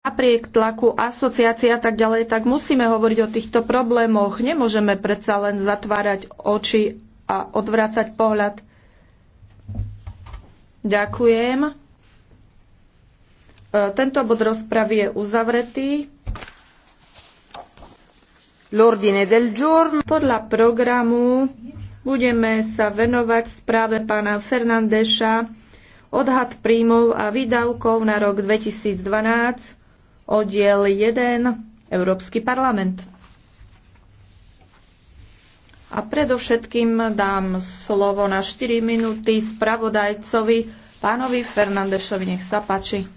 napriek tlaku asociácia a tak ďalej, tak musíme hovoriť o týchto problémoch. Nemôžeme predsa len zatvárať oči a odvrácať pohľad. Ďakujem. E, tento bod rozpravy je uzavretý. Podľa programu budeme sa venovať správe pána Fernandeša odhad príjmov a výdavkov na rok 2012 Oddiel 1. Európsky parlament. A predovšetkým dám slovo na 4 minúty spravodajcovi pánovi Fernandešovi. Nech sa páči.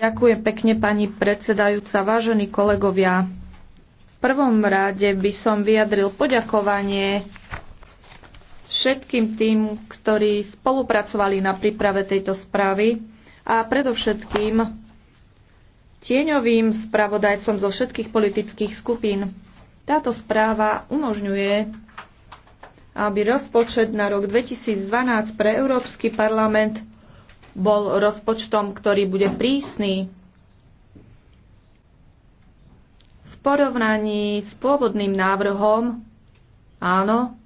Ďakujem pekne, pani predsedajúca, vážení kolegovia. V prvom rade by som vyjadril poďakovanie všetkým tým, ktorí spolupracovali na príprave tejto správy a predovšetkým tieňovým spravodajcom zo všetkých politických skupín. Táto správa umožňuje, aby rozpočet na rok 2012 pre Európsky parlament bol rozpočtom, ktorý bude prísny v porovnaní s pôvodným návrhom. Áno,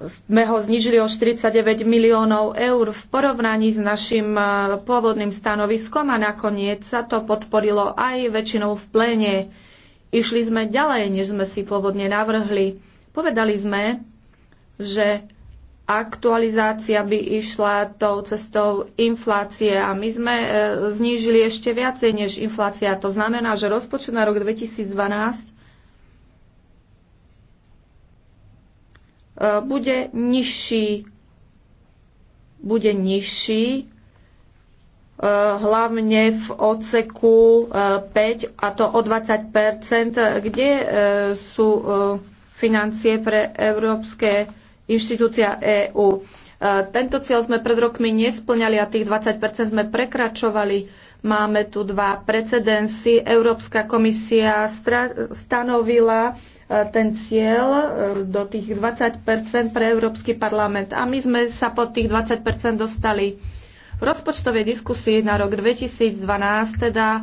sme ho znižili o 49 miliónov eur v porovnaní s našim e, pôvodným stanoviskom a nakoniec sa to podporilo aj väčšinou v pléne. Išli sme ďalej, než sme si pôvodne navrhli. Povedali sme, že aktualizácia by išla tou cestou inflácie a my sme e, znížili ešte viacej než inflácia. To znamená, že rozpočet na rok 2012 E, bude nižší. Bude nižší e, hlavne v odseku 5 e, a to o 20 kde sú financie pre európske inštitúcia EÚ. Tento cieľ sme pred rokmi nesplňali a tých 20 sme prekračovali. Máme tu dva precedensy. Európska komisia stanovila ten cieľ e, do tých 20 pre Európsky parlament. A my sme sa pod tých 20 dostali v rozpočtovej diskusii na rok 2012, teda e,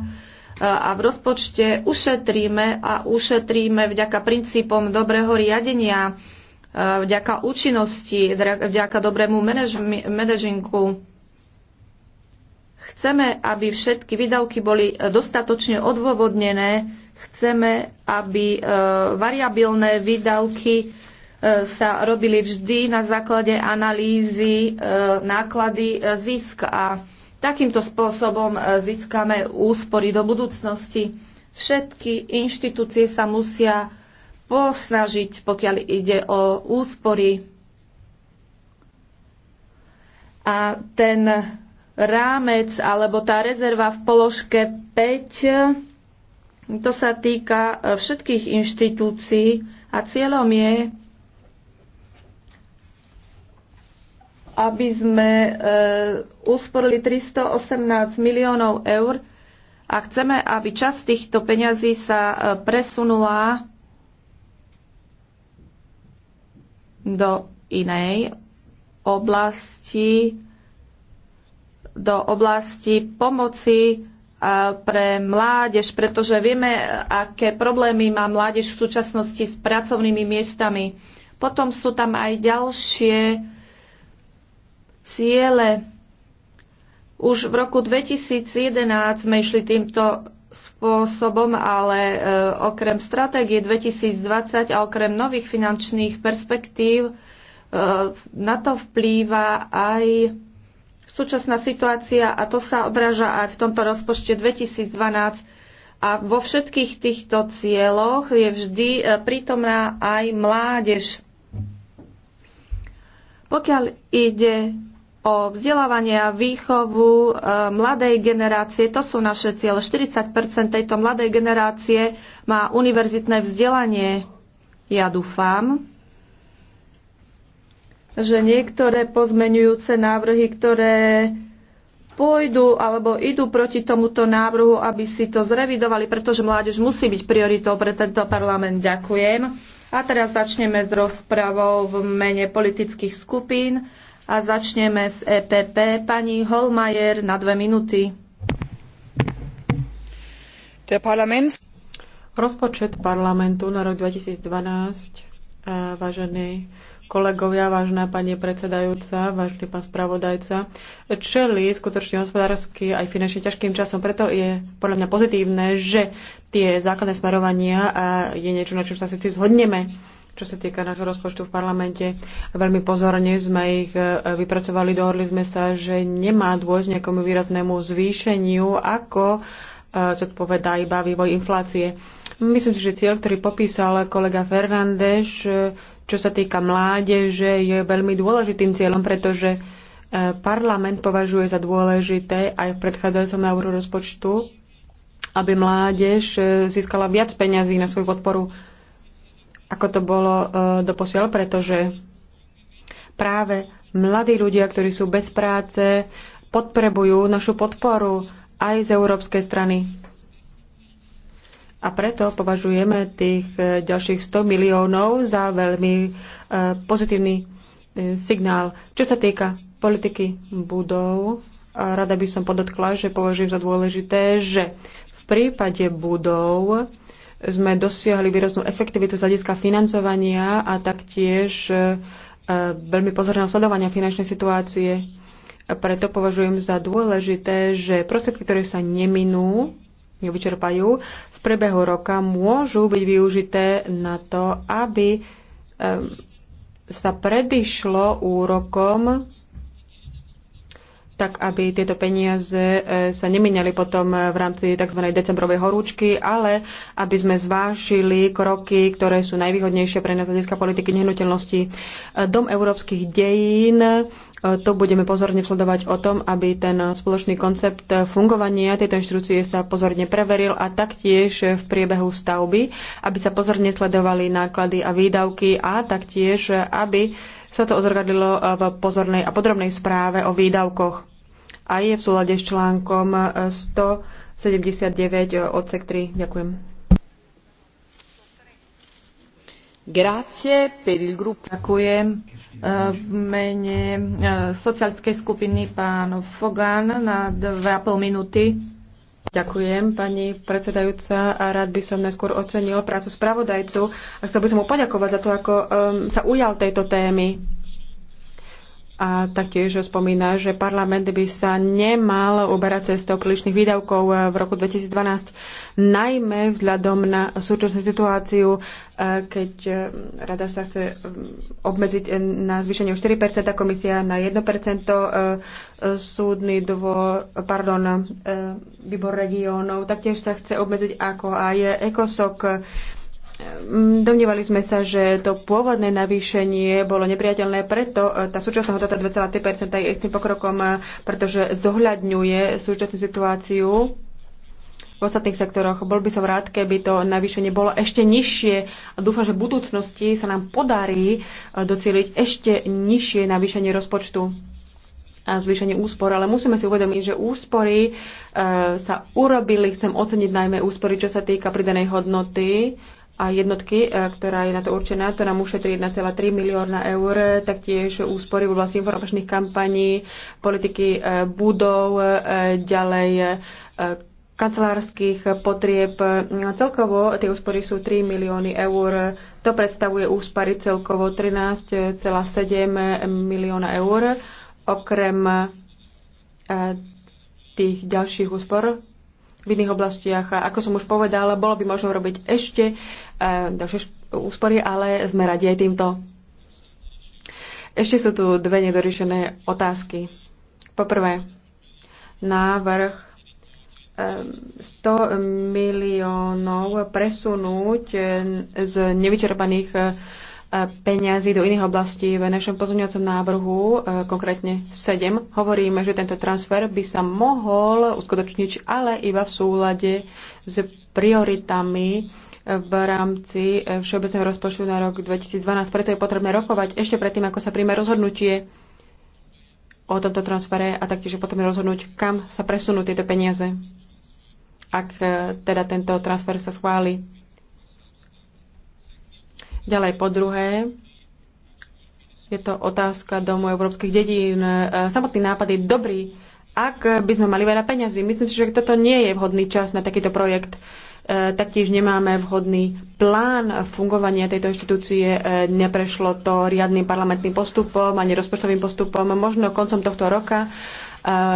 a v rozpočte ušetríme a ušetríme vďaka princípom dobrého riadenia, e, vďaka účinnosti, vďaka dobrému manažingu. Chceme, aby všetky výdavky boli dostatočne odôvodnené, Chceme, aby e, variabilné výdavky e, sa robili vždy na základe analýzy e, náklady zisk a takýmto spôsobom získame úspory do budúcnosti. Všetky inštitúcie sa musia posnažiť, pokiaľ ide o úspory. A ten rámec alebo tá rezerva v položke 5 to sa týka e, všetkých inštitúcií a cieľom je, aby sme e, usporili 318 miliónov eur a chceme, aby časť týchto peňazí sa e, presunula do inej oblasti, do oblasti pomoci pre mládež, pretože vieme, aké problémy má mládež v súčasnosti s pracovnými miestami. Potom sú tam aj ďalšie ciele. Už v roku 2011 sme išli týmto spôsobom, ale e, okrem stratégie 2020 a okrem nových finančných perspektív e, na to vplýva aj súčasná situácia a to sa odráža aj v tomto rozpočte 2012. A vo všetkých týchto cieľoch je vždy e, prítomná aj mládež. Pokiaľ ide o vzdelávanie a výchovu e, mladej generácie, to sú naše cieľe, 40 tejto mladej generácie má univerzitné vzdelanie. Ja dúfam, že niektoré pozmenujúce návrhy, ktoré pôjdu alebo idú proti tomuto návrhu, aby si to zrevidovali, pretože mládež musí byť prioritou pre tento parlament. Ďakujem. A teraz začneme s rozpravou v mene politických skupín a začneme s EPP. Pani Holmajer na dve minúty. Rozpočet parlamentu na rok 2012, eh, vážený kolegovia, vážna pani predsedajúca, vážny pán spravodajca, čeli skutočne hospodársky aj finančne ťažkým časom. Preto je podľa mňa pozitívne, že tie základné smerovania a je niečo, na čom sa všetci zhodneme čo sa týka nášho rozpočtu v parlamente. Veľmi pozorne sme ich e, vypracovali, dohodli sme sa, že nemá dôjsť nejakomu výraznému zvýšeniu, ako e, zodpovedá iba vývoj inflácie. Myslím si, že cieľ, ktorý popísal kolega Fernández, e, čo sa týka mládeže, je veľmi dôležitým cieľom, pretože e, parlament považuje za dôležité aj v predchádzajúcom návrhu rozpočtu, aby mládež e, získala viac peňazí na svoju podporu, ako to bolo e, doposiaľ, pretože práve mladí ľudia, ktorí sú bez práce, potrebujú našu podporu aj z európskej strany. A preto považujeme tých e, ďalších 100 miliónov za veľmi e, pozitívny e, signál. Čo sa týka politiky budov, rada by som podotkla, že považujem za dôležité, že v prípade budov sme dosiahli výraznú efektivitu z hľadiska financovania a taktiež veľmi pozorného sledovania finančnej situácie. Preto považujem za dôležité, že prostriedky, ktoré sa neminú, nevyčerpajú, v priebehu roka môžu byť využité na to, aby ehm, sa predišlo úrokom, tak aby tieto peniaze e, sa nemeniali potom v rámci tzv. decembrovej horúčky, ale aby sme zvážili kroky, ktoré sú najvýhodnejšie pre nás hľadiska politiky nehnuteľnosti. E, Dom európskych dejín to budeme pozorne sledovať o tom, aby ten spoločný koncept fungovania tejto inštitúcie sa pozorne preveril a taktiež v priebehu stavby, aby sa pozorne sledovali náklady a výdavky a taktiež, aby sa to ozrkadlilo v pozornej a podrobnej správe o výdavkoch a je v súlade s článkom 179 odsek 3. Ďakujem. Ďakujem. E, v mene e, socialistickej skupiny pán Fogan na 2,5 minúty. Ďakujem, pani predsedajúca. A rád by som najskôr ocenil prácu spravodajcu a chcel by som mu poďakovať za to, ako um, sa ujal tejto témy a taktiež spomína, že parlament by sa nemal uberať cestou prílišných výdavkov v roku 2012, najmä vzhľadom na súčasnú situáciu, e, keď e, rada sa chce mm, obmedziť na zvýšenie o 4%, komisia na 1%, e, súdny dvo, pardon, výbor regiónov, taktiež sa chce obmedziť ako aj ECOSOC Domnievali sme sa, že to pôvodné navýšenie bolo nepriateľné, preto e, tá súčasná hodnota 2,3% je istým pokrokom, e, pretože zohľadňuje súčasnú situáciu v ostatných sektoroch. Bol by som rád, keby to navýšenie bolo ešte nižšie a dúfam, že v budúcnosti sa nám podarí e, docieliť ešte nižšie navýšenie rozpočtu a zvýšenie úspor, ale musíme si uvedomiť, že úspory e, sa urobili, chcem oceniť najmä úspory, čo sa týka pridanej hodnoty a jednotky, e, ktorá je na to určená, to nám ušetrí 1,3 milióna eur, taktiež úspory v oblasti informačných kampaní, politiky e, budov, e, ďalej kancelárskych potrieb. No celkovo tie úspory sú 3 milióny eur. To predstavuje úspary celkovo 13,7 milióna eur. Okrem tých ďalších úspor v iných oblastiach. A ako som už povedala, bolo by možno robiť ešte e, ďalšie úspory, ale sme radi aj týmto. Ešte sú tu dve nedoriešené otázky. Poprvé, návrh 100 e, miliónov presunúť e, z nevyčerpaných peňazí do iných oblastí. V našom pozorňovacom návrhu, e, konkrétne 7, hovoríme, že tento transfer by sa mohol uskutočniť, ale iba v súlade s prioritami e, v rámci e, Všeobecného rozpočtu na rok 2012. Preto je potrebné rokovať ešte predtým, ako sa príjme rozhodnutie o tomto transfere a taktiež je potrebné rozhodnúť, kam sa presunú tieto peniaze, ak teda tento transfer sa schváli. Ďalej po druhé, je to otázka domu európskych dedín. E, samotný nápad je dobrý, ak by sme mali veľa peňazí. Myslím si, že toto nie je vhodný čas na takýto projekt. E, taktiež nemáme vhodný plán fungovania tejto inštitúcie. E, neprešlo to riadnym parlamentným postupom ani rozpočtovým postupom. Možno koncom tohto roka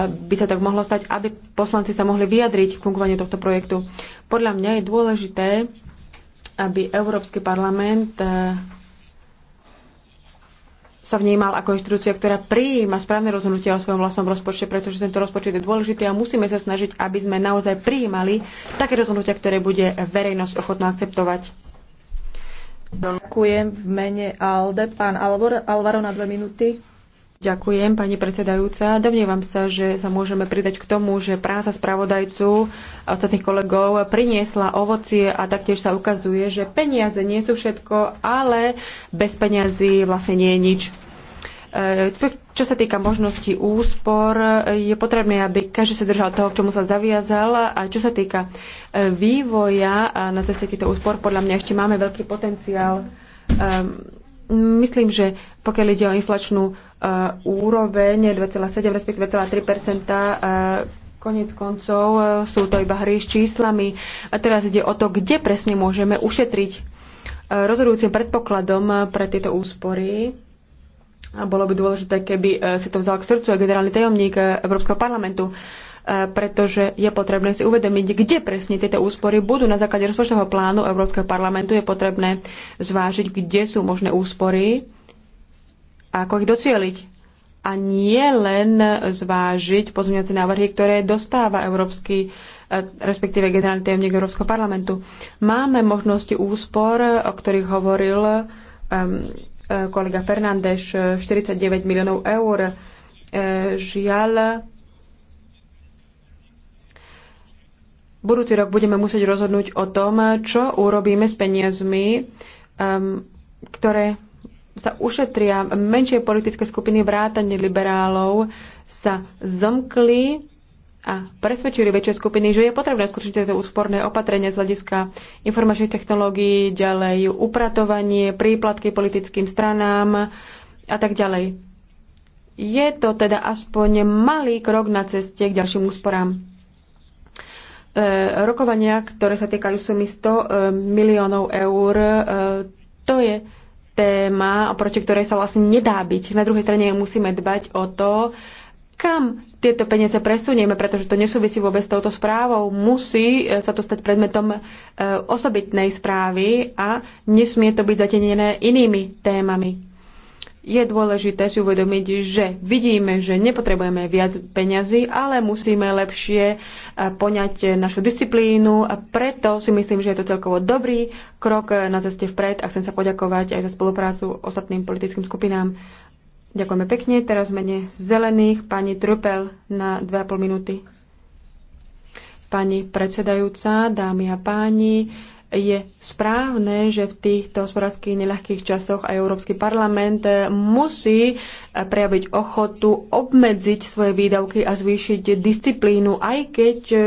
by sa tak mohlo stať, aby poslanci sa mohli vyjadriť k fungovaniu tohto projektu. Podľa mňa je dôležité aby Európsky parlament eh, sa vnímal ako inštitúcia, ktorá prijíma správne rozhodnutia o svojom vlastnom rozpočte, pretože tento rozpočet je dôležitý a musíme sa snažiť, aby sme naozaj prijímali také rozhodnutia, ktoré bude verejnosť ochotná akceptovať. Ďakujem v mene ALDE. Pán Alvaro na dve minúty. Ďakujem, pani predsedajúca. Domnievam sa, že sa môžeme pridať k tomu, že práca spravodajcu a ostatných kolegov priniesla ovocie a taktiež sa ukazuje, že peniaze nie sú všetko, ale bez peniazy vlastne nie je nič. E, čo sa týka možnosti úspor, je potrebné, aby každý sa držal toho, k čomu sa zaviazal. A čo sa týka e, vývoja na ceste týchto úspor, podľa mňa ešte máme veľký potenciál. Ehm, myslím, že pokiaľ ide o inflačnú E, úroveň 2,7 respektíve 2,3 e, Konec koncov e, sú to iba hry s číslami. A teraz ide o to, kde presne môžeme ušetriť. Rozhodujúcim predpokladom pre tieto úspory a bolo by dôležité, keby si to vzal k srdcu aj generálny tajomník Európskeho parlamentu, pretože je potrebné si uvedomiť, kde presne tieto úspory budú. Na základe rozpočtového plánu Európskeho parlamentu je potrebné zvážiť, kde sú možné úspory a ako ich docieliť. A nie len zvážiť pozmeňovacie návrhy, ktoré dostáva Európsky e, respektíve generálny tajomník Európskeho parlamentu. Máme možnosti úspor, o ktorých hovoril um, kolega Fernández, 49 miliónov eur. Žiaľ, budúci rok budeme musieť rozhodnúť o tom, čo urobíme s peniazmi, um, ktoré sa ušetria menšie politické skupiny vrátane liberálov, sa zomkli a presvedčili väčšie skupiny, že je potrebné skutočne tieto úsporné opatrenia z hľadiska informačných technológií, ďalej upratovanie, príplatky politickým stranám a tak ďalej. Je to teda aspoň malý krok na ceste k ďalším úsporám. E, rokovania, ktoré sa týkajú sumy 100 e, miliónov eur, e, to je téma, oproti ktorej sa vlastne nedá byť. Na druhej strane musíme dbať o to, kam tieto peniaze presunieme, pretože to nesúvisí vôbec s touto správou. Musí e, sa to stať predmetom e, osobitnej správy a nesmie to byť zatenené inými témami je dôležité si uvedomiť, že vidíme, že nepotrebujeme viac peňazí, ale musíme lepšie e, poňať našu disciplínu a preto si myslím, že je to celkovo dobrý krok e, na ceste vpred a chcem sa poďakovať aj za spoluprácu ostatným politickým skupinám. Ďakujeme pekne. Teraz mene zelených pani Trupel na 2,5 minúty. Pani predsedajúca, dámy a páni, je správne, že v týchto hospodárských neľahkých časoch aj Európsky parlament eh, musí eh, prejaviť ochotu obmedziť svoje výdavky a zvýšiť disciplínu, aj keď eh,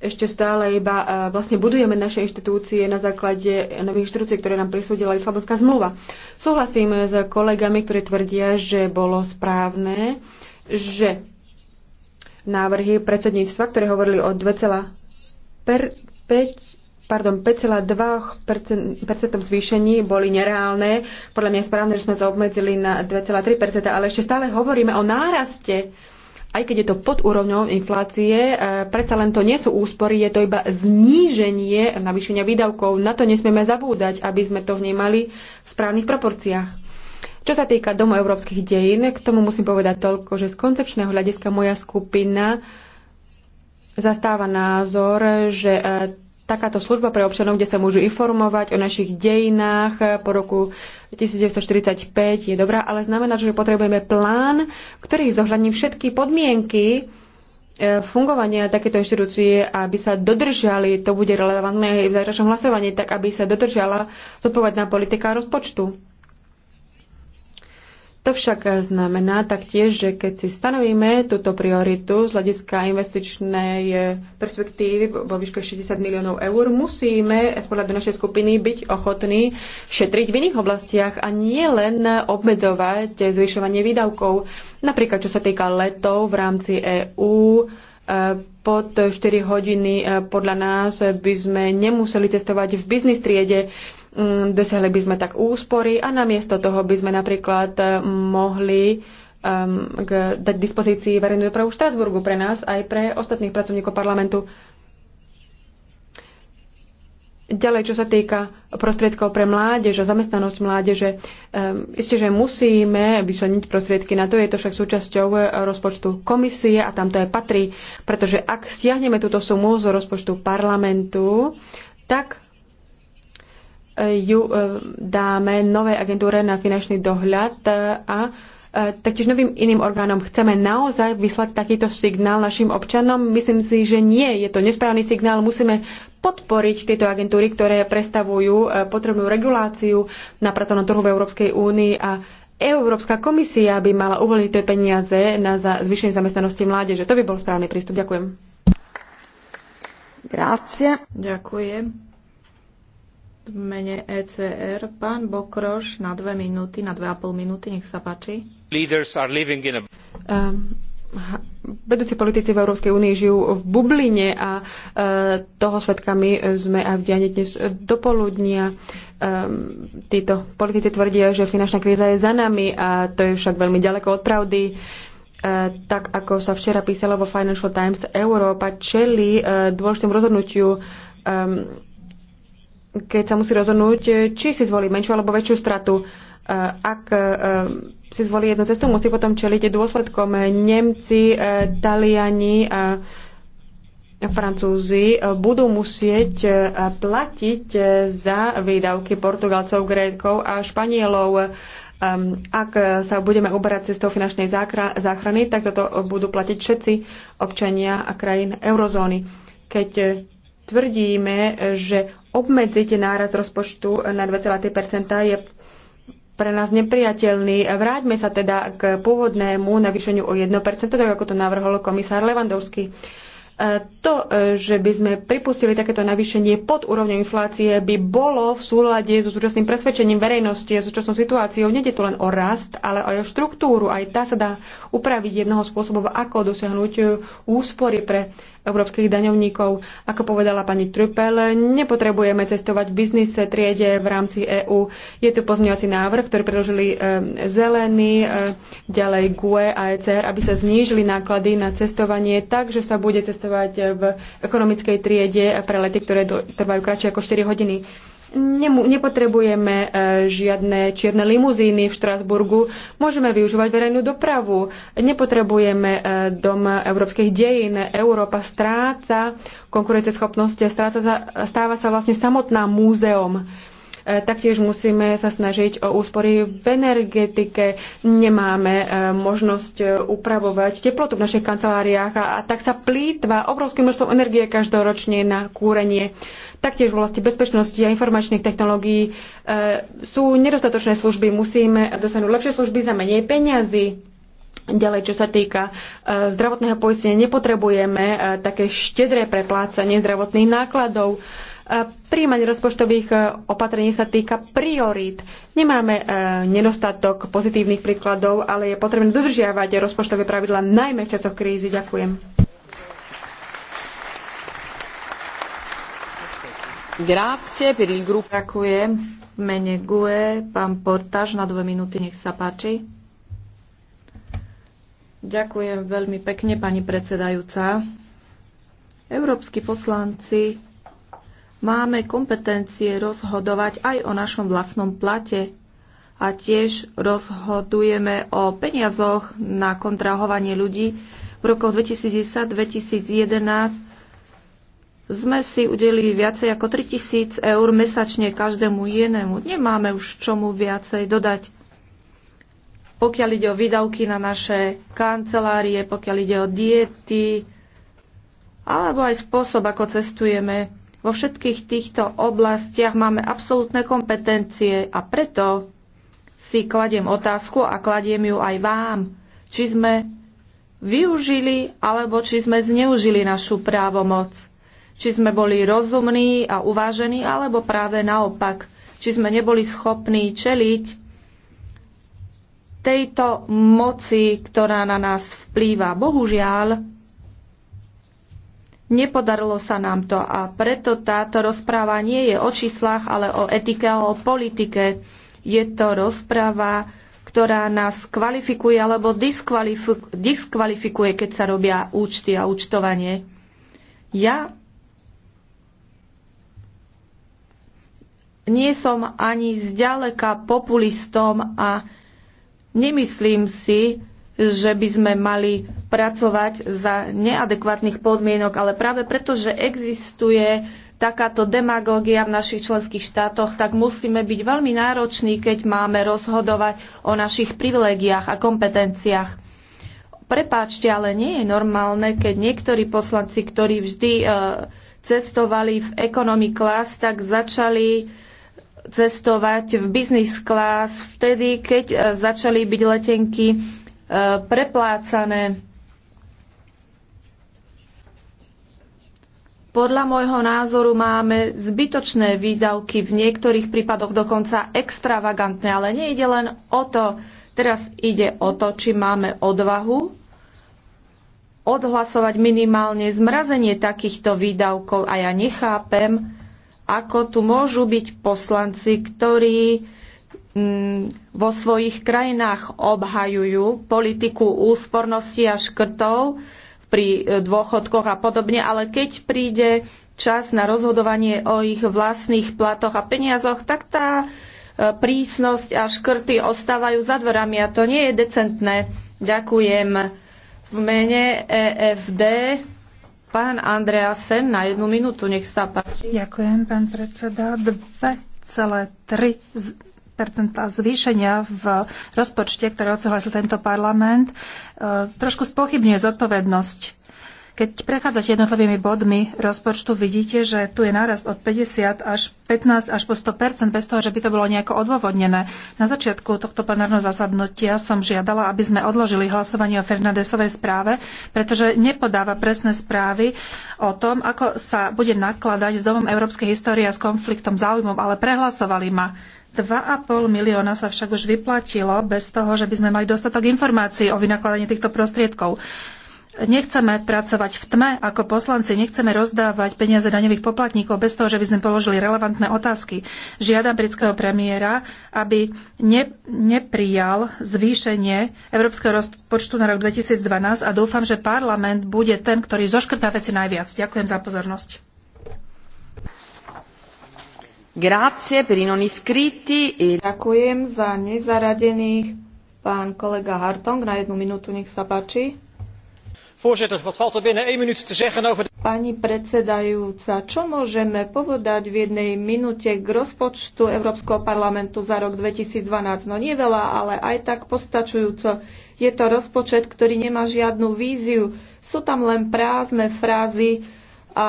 ešte stále iba vlastne budujeme naše inštitúcie na základe nových inštitúcií, ktoré nám prisúdila Islabonská zmluva. Súhlasím s kolegami, ktorí tvrdia, že bolo správne, že návrhy predsedníctva, ktoré hovorili o 2,5 pardon, 5,2% zvýšení boli nereálne. Podľa mňa je správne, že sme sa obmedzili na 2,3%, ale ešte stále hovoríme o náraste. Aj keď je to pod úrovňou inflácie, e, predsa len to nie sú úspory, je to iba zníženie navýšenia výdavkov. Na to nesmieme zabúdať, aby sme to vnímali v správnych proporciách. Čo sa týka domov európskych dejín, k tomu musím povedať toľko, že z koncepčného hľadiska moja skupina zastáva názor, že e, takáto služba pre občanov, kde sa môžu informovať o našich dejinách po roku 1945 je dobrá, ale znamená, že potrebujeme plán, ktorý zohľadní všetky podmienky e, fungovania takéto inštitúcie, aby sa dodržali, to bude relevantné aj v zajtrašom hlasovaní, tak aby sa dodržala zodpovedná politika rozpočtu. To však znamená taktiež, že keď si stanovíme túto prioritu z hľadiska investičnej eh, perspektívy vo výške 60 miliónov eur, musíme z pohľadu našej skupiny byť ochotní šetriť v iných oblastiach a nie len obmedzovať zvyšovanie výdavkov. Napríklad, čo sa týka letov v rámci EÚ, eh, pod 4 hodiny eh, podľa nás by sme nemuseli cestovať v biznis triede. Mm, dosiahli by sme tak úspory a namiesto toho by sme napríklad eh, mohli um, k, dať dispozícii verejnú dopravu v Štrasburgu pre nás aj pre ostatných pracovníkov parlamentu. Ďalej, čo sa týka prostriedkov pre mládež a zamestnanosť mládeže, um, isté, že musíme vyšleniť prostriedky na to, je to však súčasťou eh, rozpočtu komisie a tam to aj patrí, pretože ak stiahneme túto sumu z rozpočtu parlamentu, tak ju e, dáme novej agentúre na finančný dohľad e, a e, taktiež novým iným orgánom. Chceme naozaj vyslať takýto signál našim občanom? Myslím si, že nie. Je to nesprávny signál. Musíme podporiť tieto agentúry, ktoré predstavujú potrebnú reguláciu na pracovnom trhu v Európskej únii a Európska komisia by mala uvoľniť tie peniaze na zvýšenie zamestnanosti mládeže. To by bol správny prístup. Ďakujem. Grazie. Ďakujem v mene ECR. Pán Bokroš na dve minúty, na dve a pol minúty, nech sa páči. A... Um, vedúci politici v Európskej únii žijú v bubline a e, toho svetkami sme aj v diane dnes dopoludnia. E, ehm, títo politici tvrdia, že finančná kríza je za nami a to je však veľmi ďaleko od pravdy. E, tak ako sa včera písalo vo Financial Times, Európa čeli e, dôležitému rozhodnutiu e, keď sa musí rozhodnúť, e, či si zvolí menšiu alebo väčšiu stratu. E, ak e, si zvolí jednu cestu, musí potom čeliť dôsledkom. Nemci, Taliani, Francúzi budú musieť platiť za výdavky Portugalcov, Grékov a Španielov. Ak sa budeme uberať cestou finančnej záchrany, tak za to budú platiť všetci občania a krajín eurozóny. Keď tvrdíme, že obmedziť náraz rozpočtu na 2,3 je pre nás nepriateľný. Vráťme sa teda k pôvodnému navýšeniu o 1%, tak ako to navrhol komisár Levandovský. E, to, e, že by sme pripustili takéto navýšenie pod úrovňou inflácie, by bolo v súlade so súčasným presvedčením verejnosti a súčasnou situáciou. Nede tu len o rast, ale aj o štruktúru. Aj tá sa dá upraviť jednoho spôsobu, ako dosiahnuť e, úspory pre európskych daňovníkov. Ako povedala pani Trupel, nepotrebujeme cestovať v biznise triede v rámci EÚ. Je tu pozmňovací návrh, ktorý predložili e, zelení, e, ďalej GUE a ECR, aby sa znížili náklady na cestovanie tak, že sa bude cestovať e, v ekonomickej triede pre lety, ktoré trvajú kratšie ako 4 hodiny. Nemu, nepotrebujeme e, žiadne čierne limuzíny v Štrasburgu, môžeme využívať verejnú dopravu, nepotrebujeme e, dom európskych dejín, Európa stráca konkurenceschopnosť, stráca, stáva sa vlastne samotná múzeum. E, taktiež musíme sa snažiť o úspory v energetike. Nemáme e, možnosť e, upravovať teplotu v našich kanceláriách a, tak sa plýtva obrovským množstvom energie každoročne na kúrenie. Taktiež v oblasti bezpečnosti a informačných technológií sú nedostatočné služby. Musíme dosiahnuť lepšie služby za menej peniazy. Ďalej, čo sa týka zdravotného poistenia, nepotrebujeme také štedré preplácanie zdravotných nákladov. Príjmanie rozpočtových e, opatrení sa týka priorít. Nemáme e, nedostatok pozitívnych príkladov, ale je potrebné dodržiavať rozpočtové pravidla najmä v časoch krízy. Ďakujem. Grazie per il gruppo. Ďakujem. mene GUE, pán Portáž, na dve minúty, nech sa páči. Ďakujem veľmi pekne, pani predsedajúca. Európsky poslanci máme kompetencie rozhodovať aj o našom vlastnom plate a tiež rozhodujeme o peniazoch na kontrahovanie ľudí. V rokoch 2010-2011 sme si udelili viacej ako 3000 eur mesačne každému jenému. Nemáme už čomu viacej dodať. Pokiaľ ide o výdavky na naše kancelárie, pokiaľ ide o diety, alebo aj spôsob, ako cestujeme, vo všetkých týchto oblastiach máme absolútne kompetencie a preto si kladiem otázku a kladiem ju aj vám, či sme využili alebo či sme zneužili našu právomoc. Či sme boli rozumní a uvážení alebo práve naopak, či sme neboli schopní čeliť tejto moci, ktorá na nás vplýva. Bohužiaľ, Nepodarilo sa nám to a preto táto rozpráva nie je o číslach, ale o etike a o politike. Je to rozpráva, ktorá nás kvalifikuje alebo diskvalifikuje, keď sa robia účty a účtovanie. Ja nie som ani zďaleka populistom a nemyslím si, že by sme mali pracovať za neadekvátnych podmienok, ale práve preto, že existuje takáto demagógia v našich členských štátoch, tak musíme byť veľmi nároční, keď máme rozhodovať o našich privilégiách a kompetenciách. Prepáčte, ale nie je normálne, keď niektorí poslanci, ktorí vždy e, cestovali v economy class, tak začali cestovať v business class vtedy, keď e, začali byť letenky preplácané. Podľa môjho názoru máme zbytočné výdavky, v niektorých prípadoch dokonca extravagantné, ale nejde len o to. Teraz ide o to, či máme odvahu odhlasovať minimálne zmrazenie takýchto výdavkov a ja nechápem, ako tu môžu byť poslanci, ktorí Mm, vo svojich krajinách obhajujú politiku úspornosti a škrtov pri e, dôchodkoch a podobne, ale keď príde čas na rozhodovanie o ich vlastných platoch a peniazoch, tak tá e, prísnosť a škrty ostávajú za dverami a to nie je decentné. Ďakujem v mene EFD. Pán Andreasen, na jednu minútu, nech sa páči. Ďakujem, pán predseda. 2,3 zvýšenia v rozpočte, ktoré odsúhlasil tento parlament, e, trošku spochybňuje zodpovednosť keď prechádzate jednotlivými bodmi rozpočtu, vidíte, že tu je nárast od 50 až 15 až po 100 bez toho, že by to bolo nejako odôvodnené. Na začiatku tohto plenárneho zasadnutia som žiadala, aby sme odložili hlasovanie o Fernandesovej správe, pretože nepodáva presné správy o tom, ako sa bude nakladať s Domom európskej histórie a s konfliktom záujmov, ale prehlasovali ma. 2,5 milióna sa však už vyplatilo bez toho, že by sme mali dostatok informácií o vynakladaní týchto prostriedkov. Nechceme pracovať v tme ako poslanci, nechceme rozdávať peniaze daňových poplatníkov bez toho, že by sme položili relevantné otázky. Žiadam britského premiéra, aby ne, neprijal zvýšenie európskeho rozpočtu na rok 2012 a dúfam, že parlament bude ten, ktorý zoškrtá veci najviac. Ďakujem za pozornosť non iscritti. E Ďakujem za nezaradených. Pán kolega Hartong, na jednu minútu, nech sa páči. Voorzitter, wat valt er binnen één minuut te zeggen over... Pani predsedajúca, čo môžeme povedať v jednej minúte k rozpočtu Európskeho parlamentu za rok 2012? No nie veľa, ale aj tak postačujúco. Je to rozpočet, ktorý nemá žiadnu víziu. Sú tam len prázdne frázy, a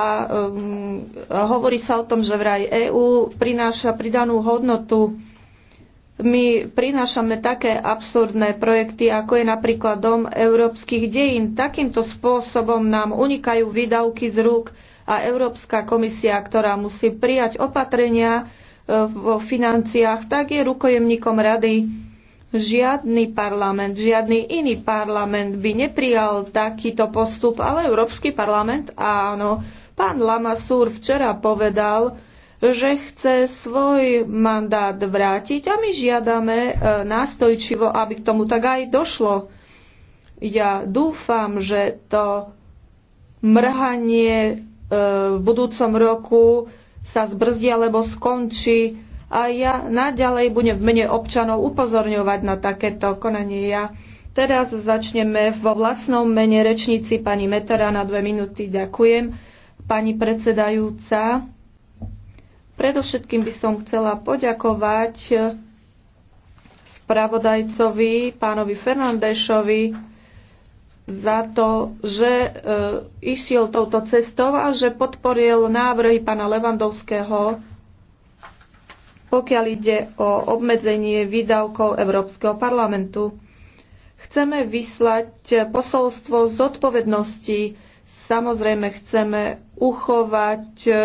um, hovorí sa o tom, že vraj EÚ prináša pridanú hodnotu. My prinášame také absurdné projekty, ako je napríklad Dom európskych dejín. Takýmto spôsobom nám unikajú výdavky z rúk a Európska komisia, ktorá musí prijať opatrenia e, vo financiách, tak je rukojemníkom rady. Žiadny parlament, žiadny iný parlament by neprijal takýto postup, ale Európsky parlament áno. Pán Lamasúr včera povedal, že chce svoj mandát vrátiť a my žiadame e, nástojčivo, aby k tomu tak aj došlo. Ja dúfam, že to mrhanie e, v budúcom roku sa zbrzdí alebo skončí a ja naďalej budem v mene občanov upozorňovať na takéto konanie. Ja teraz začneme vo vlastnom mene rečníci pani Metera na dve minúty. Ďakujem pani predsedajúca. Predovšetkým by som chcela poďakovať spravodajcovi, pánovi Fernandešovi, za to, že e, išiel touto cestou a že podporil návrhy pána Levandovského, pokiaľ ide o obmedzenie výdavkov Európskeho parlamentu. Chceme vyslať posolstvo zodpovednosti. Samozrejme, chceme uchovať e,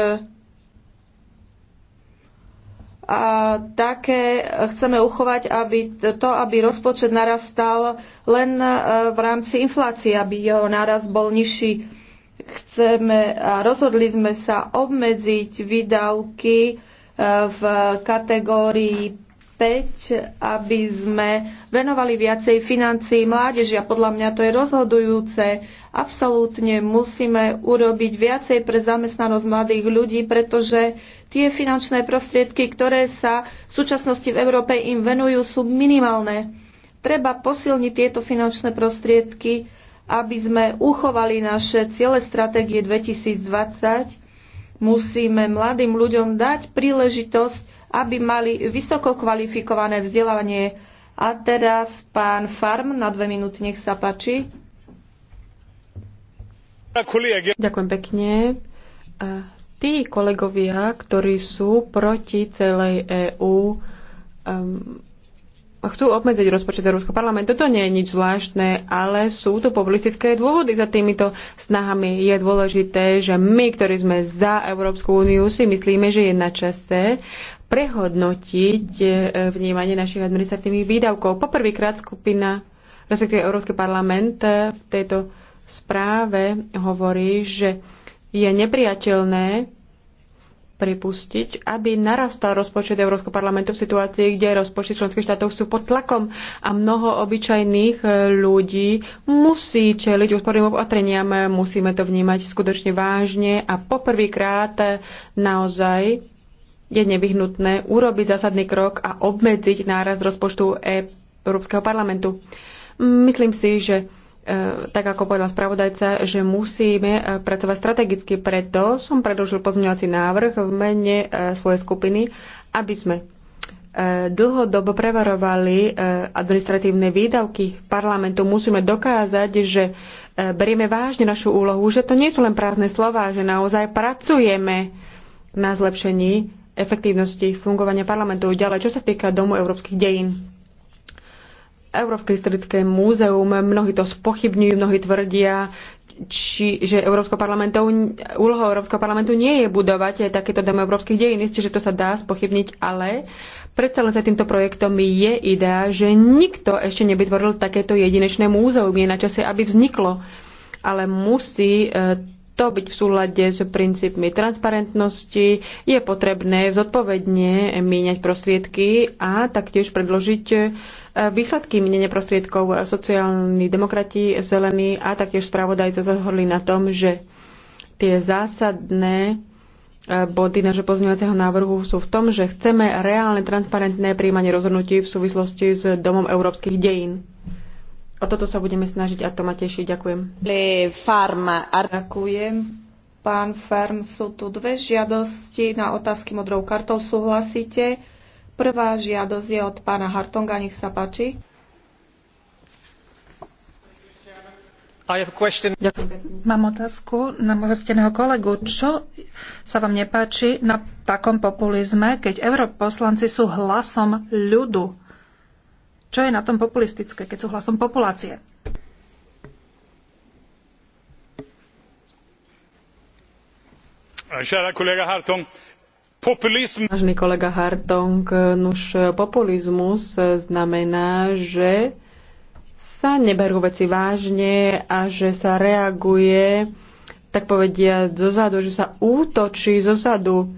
a také chceme uchovať, aby to, aby rozpočet narastal len e, v rámci inflácie, aby jeho nárast bol nižší. Chceme a rozhodli sme sa obmedziť výdavky e, v kategórii 5, aby sme venovali viacej financií mládeži a podľa mňa to je rozhodujúce. Absolútne musíme urobiť viacej pre zamestnanosť mladých ľudí, pretože tie finančné prostriedky, ktoré sa v súčasnosti v Európe im venujú, sú minimálne. Treba posilniť tieto finančné prostriedky, aby sme uchovali naše ciele stratégie 2020. Musíme mladým ľuďom dať príležitosť aby mali vysoko kvalifikované vzdelanie. A teraz pán Farm na dve minúty, nech sa páči. Ďakujem pekne. Tí kolegovia, ktorí sú proti celej EÚ, um, chcú obmedziť rozpočet Európskeho parlamentu. To nie je nič zvláštne, ale sú to populistické dôvody za týmito snahami. Je dôležité, že my, ktorí sme za Európsku úniu, si myslíme, že je na čase prehodnotiť e, vnímanie našich administratívnych výdavkov. Poprvýkrát skupina, respektíve Európsky parlament e, v tejto správe hovorí, že je nepriateľné pripustiť, aby narastal rozpočet Európskeho parlamentu v situácii, kde rozpočty členských štátov sú pod tlakom a mnoho obyčajných eh, ľudí musí čeliť úsporným opatreniam. Musíme to vnímať skutočne vážne a poprvýkrát eh, naozaj je nevyhnutné urobiť zásadný krok a obmedziť náraz rozpočtu e- Európskeho parlamentu. Myslím si, že E, tak ako povedal spravodajca, že musíme e, pracovať strategicky. Preto som predložil pozmeňovací návrh v mene e, svojej skupiny, aby sme dlhodobo prevarovali administratívne výdavky parlamentu, musíme dokázať, že berieme vážne našu úlohu, že to nie sú len prázdne slova, že naozaj pracujeme na zlepšení efektívnosti fungovania parlamentu. Ďalej, čo sa týka Domu európskych dejín. Európske historické múzeum, mnohí to spochybňujú, mnohí tvrdia, či, že Európsko parlamentov, úlohou Európskeho parlamentu nie je budovať aj takéto dom európskych dejín. Isté, že to sa dá spochybniť, ale predsa len za týmto projektom je idea, že nikto ešte nevytvoril takéto jedinečné múzeum. Je na čase, aby vzniklo ale musí e, to byť v súlade s princípmi transparentnosti, je potrebné zodpovedne míňať prostriedky a taktiež predložiť e, výsledky minenia prostriedkov. Sociálni demokrati, zelení a taktiež spravodajca zhodli na tom, že tie zásadné e, body nášho pozňovacieho návrhu sú v tom, že chceme reálne transparentné príjmanie rozhodnutí v súvislosti s Domom európskych dejín. O toto sa budeme snažiť a to ma teší. Ďakujem. Farma. Ďakujem. Pán Farm, sú tu dve žiadosti na otázky modrou kartou. Súhlasíte? Prvá žiadosť je od pána Hartonga, nech sa páči. Mám otázku na môjho steného kolegu. Čo sa vám nepáči na takom populizme, keď europoslanci sú hlasom ľudu? Čo je na tom populistické, keď sú hlasom populácie? Žiada kolega Hartong, populizm... Vážny kolega Hartong, nuž populizmus znamená, že sa neberú veci vážne a že sa reaguje, tak povedia, zozadu, že sa útočí zozadu.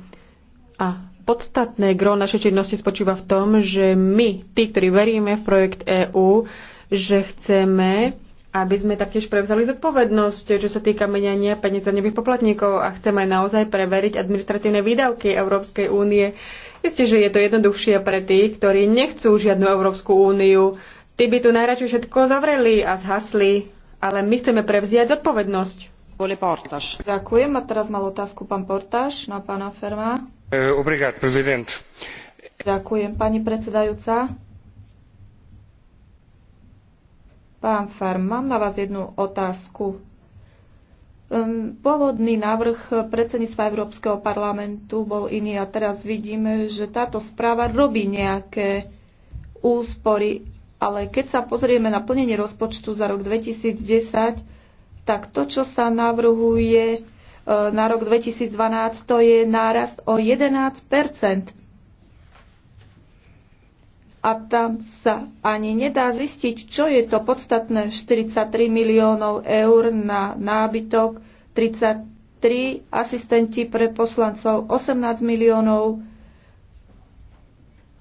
A podstatné gro našej činnosti spočíva v tom, že my, tí, ktorí veríme v projekt EÚ, že chceme, aby sme taktiež prevzali zodpovednosť, čo sa týka meniania peniaz poplatníkov a chceme naozaj preveriť administratívne výdavky Európskej únie. Isté, že je to jednoduchšie pre tých, ktorí nechcú žiadnu Európsku úniu. Tí by tu najradšej všetko zavreli a zhasli, ale my chceme prevziať zodpovednosť. Ďakujem a teraz mal otázku pán Portáš na pána Ferma. Eh, Ďakujem, pani predsedajúca. Pán Farm, mám na vás jednu otázku. Pôvodný návrh predsedníctva Európskeho parlamentu bol iný a teraz vidíme, že táto správa robí nejaké úspory, ale keď sa pozrieme na plnenie rozpočtu za rok 2010, tak to, čo sa navrhuje, Eh, na rok 2012 to je nárast o 11 a tam sa ani nedá zistiť, čo je to podstatné 43 miliónov eur na nábytok, 33 asistenti pre poslancov, 18 miliónov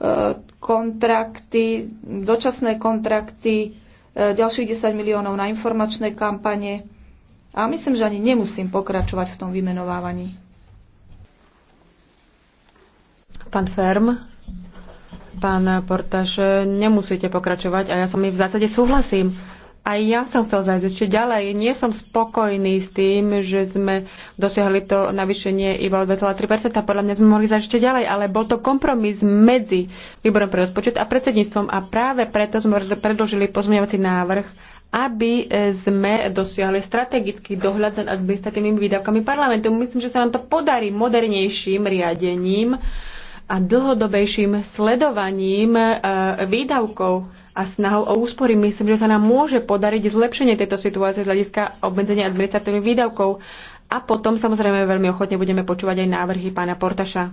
eh, kontrakty, dočasné kontrakty, eh, ďalších 10 miliónov na informačné kampane. A myslím, že ani nemusím pokračovať v tom vymenovávaní. Pán Ferm, pán Portaž, nemusíte pokračovať a ja som mi v zásade súhlasím. A ja som chcel zajsť ešte ďalej. Nie som spokojný s tým, že sme dosiahli to navýšenie iba o 2,3%. Podľa mňa sme mohli zajsť ešte ďalej, ale bol to kompromis medzi výborom pre rozpočet a predsedníctvom a práve preto sme predložili pozmeňovací návrh aby e, sme dosiahli strategický dohľad nad administratívnymi výdavkami parlamentu. Myslím, že sa nám to podarí modernejším riadením a dlhodobejším sledovaním e, výdavkov a snahou o úspory. Myslím, že sa nám môže podariť zlepšenie tejto situácie z hľadiska obmedzenia administratívnych výdavkov. A potom samozrejme veľmi ochotne budeme počúvať aj návrhy pána Portaša.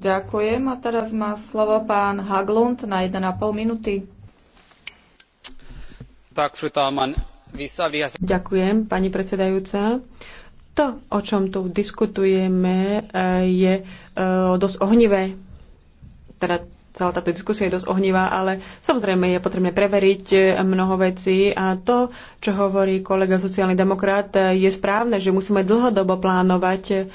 Ďakujem a teraz má slovo pán Haglund na 1,5 minúty. Ďakujem, pani predsedajúca. To, o čom tu diskutujeme, e, je e, dosť ohnivé. Teda celá táto diskusia je dosť ohnivá, ale samozrejme je potrebné preveriť e, mnoho vecí a to, čo hovorí kolega sociálny demokrat, je správne, že musíme dlhodobo plánovať,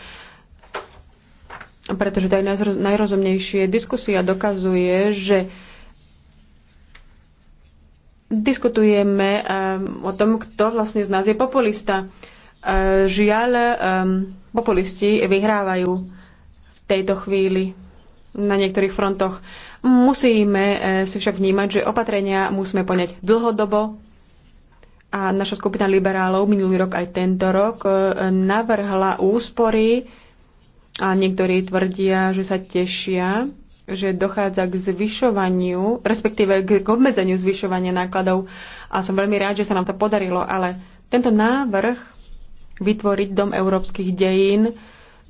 pretože to je najrozumnejšie. Diskusia dokazuje, že diskutujeme eh, o tom, kto vlastne z nás je populista. Eh, žiaľ, eh, populisti vyhrávajú v tejto chvíli na niektorých frontoch. Musíme si však vnímať, že opatrenia musíme poňať dlhodobo a naša skupina liberálov minulý rok aj tento rok navrhla úspory a niektorí tvrdia, že sa tešia že dochádza k zvyšovaniu, respektíve k obmedzeniu zvyšovania nákladov a som veľmi rád, že sa nám to podarilo, ale tento návrh vytvoriť Dom európskych dejín,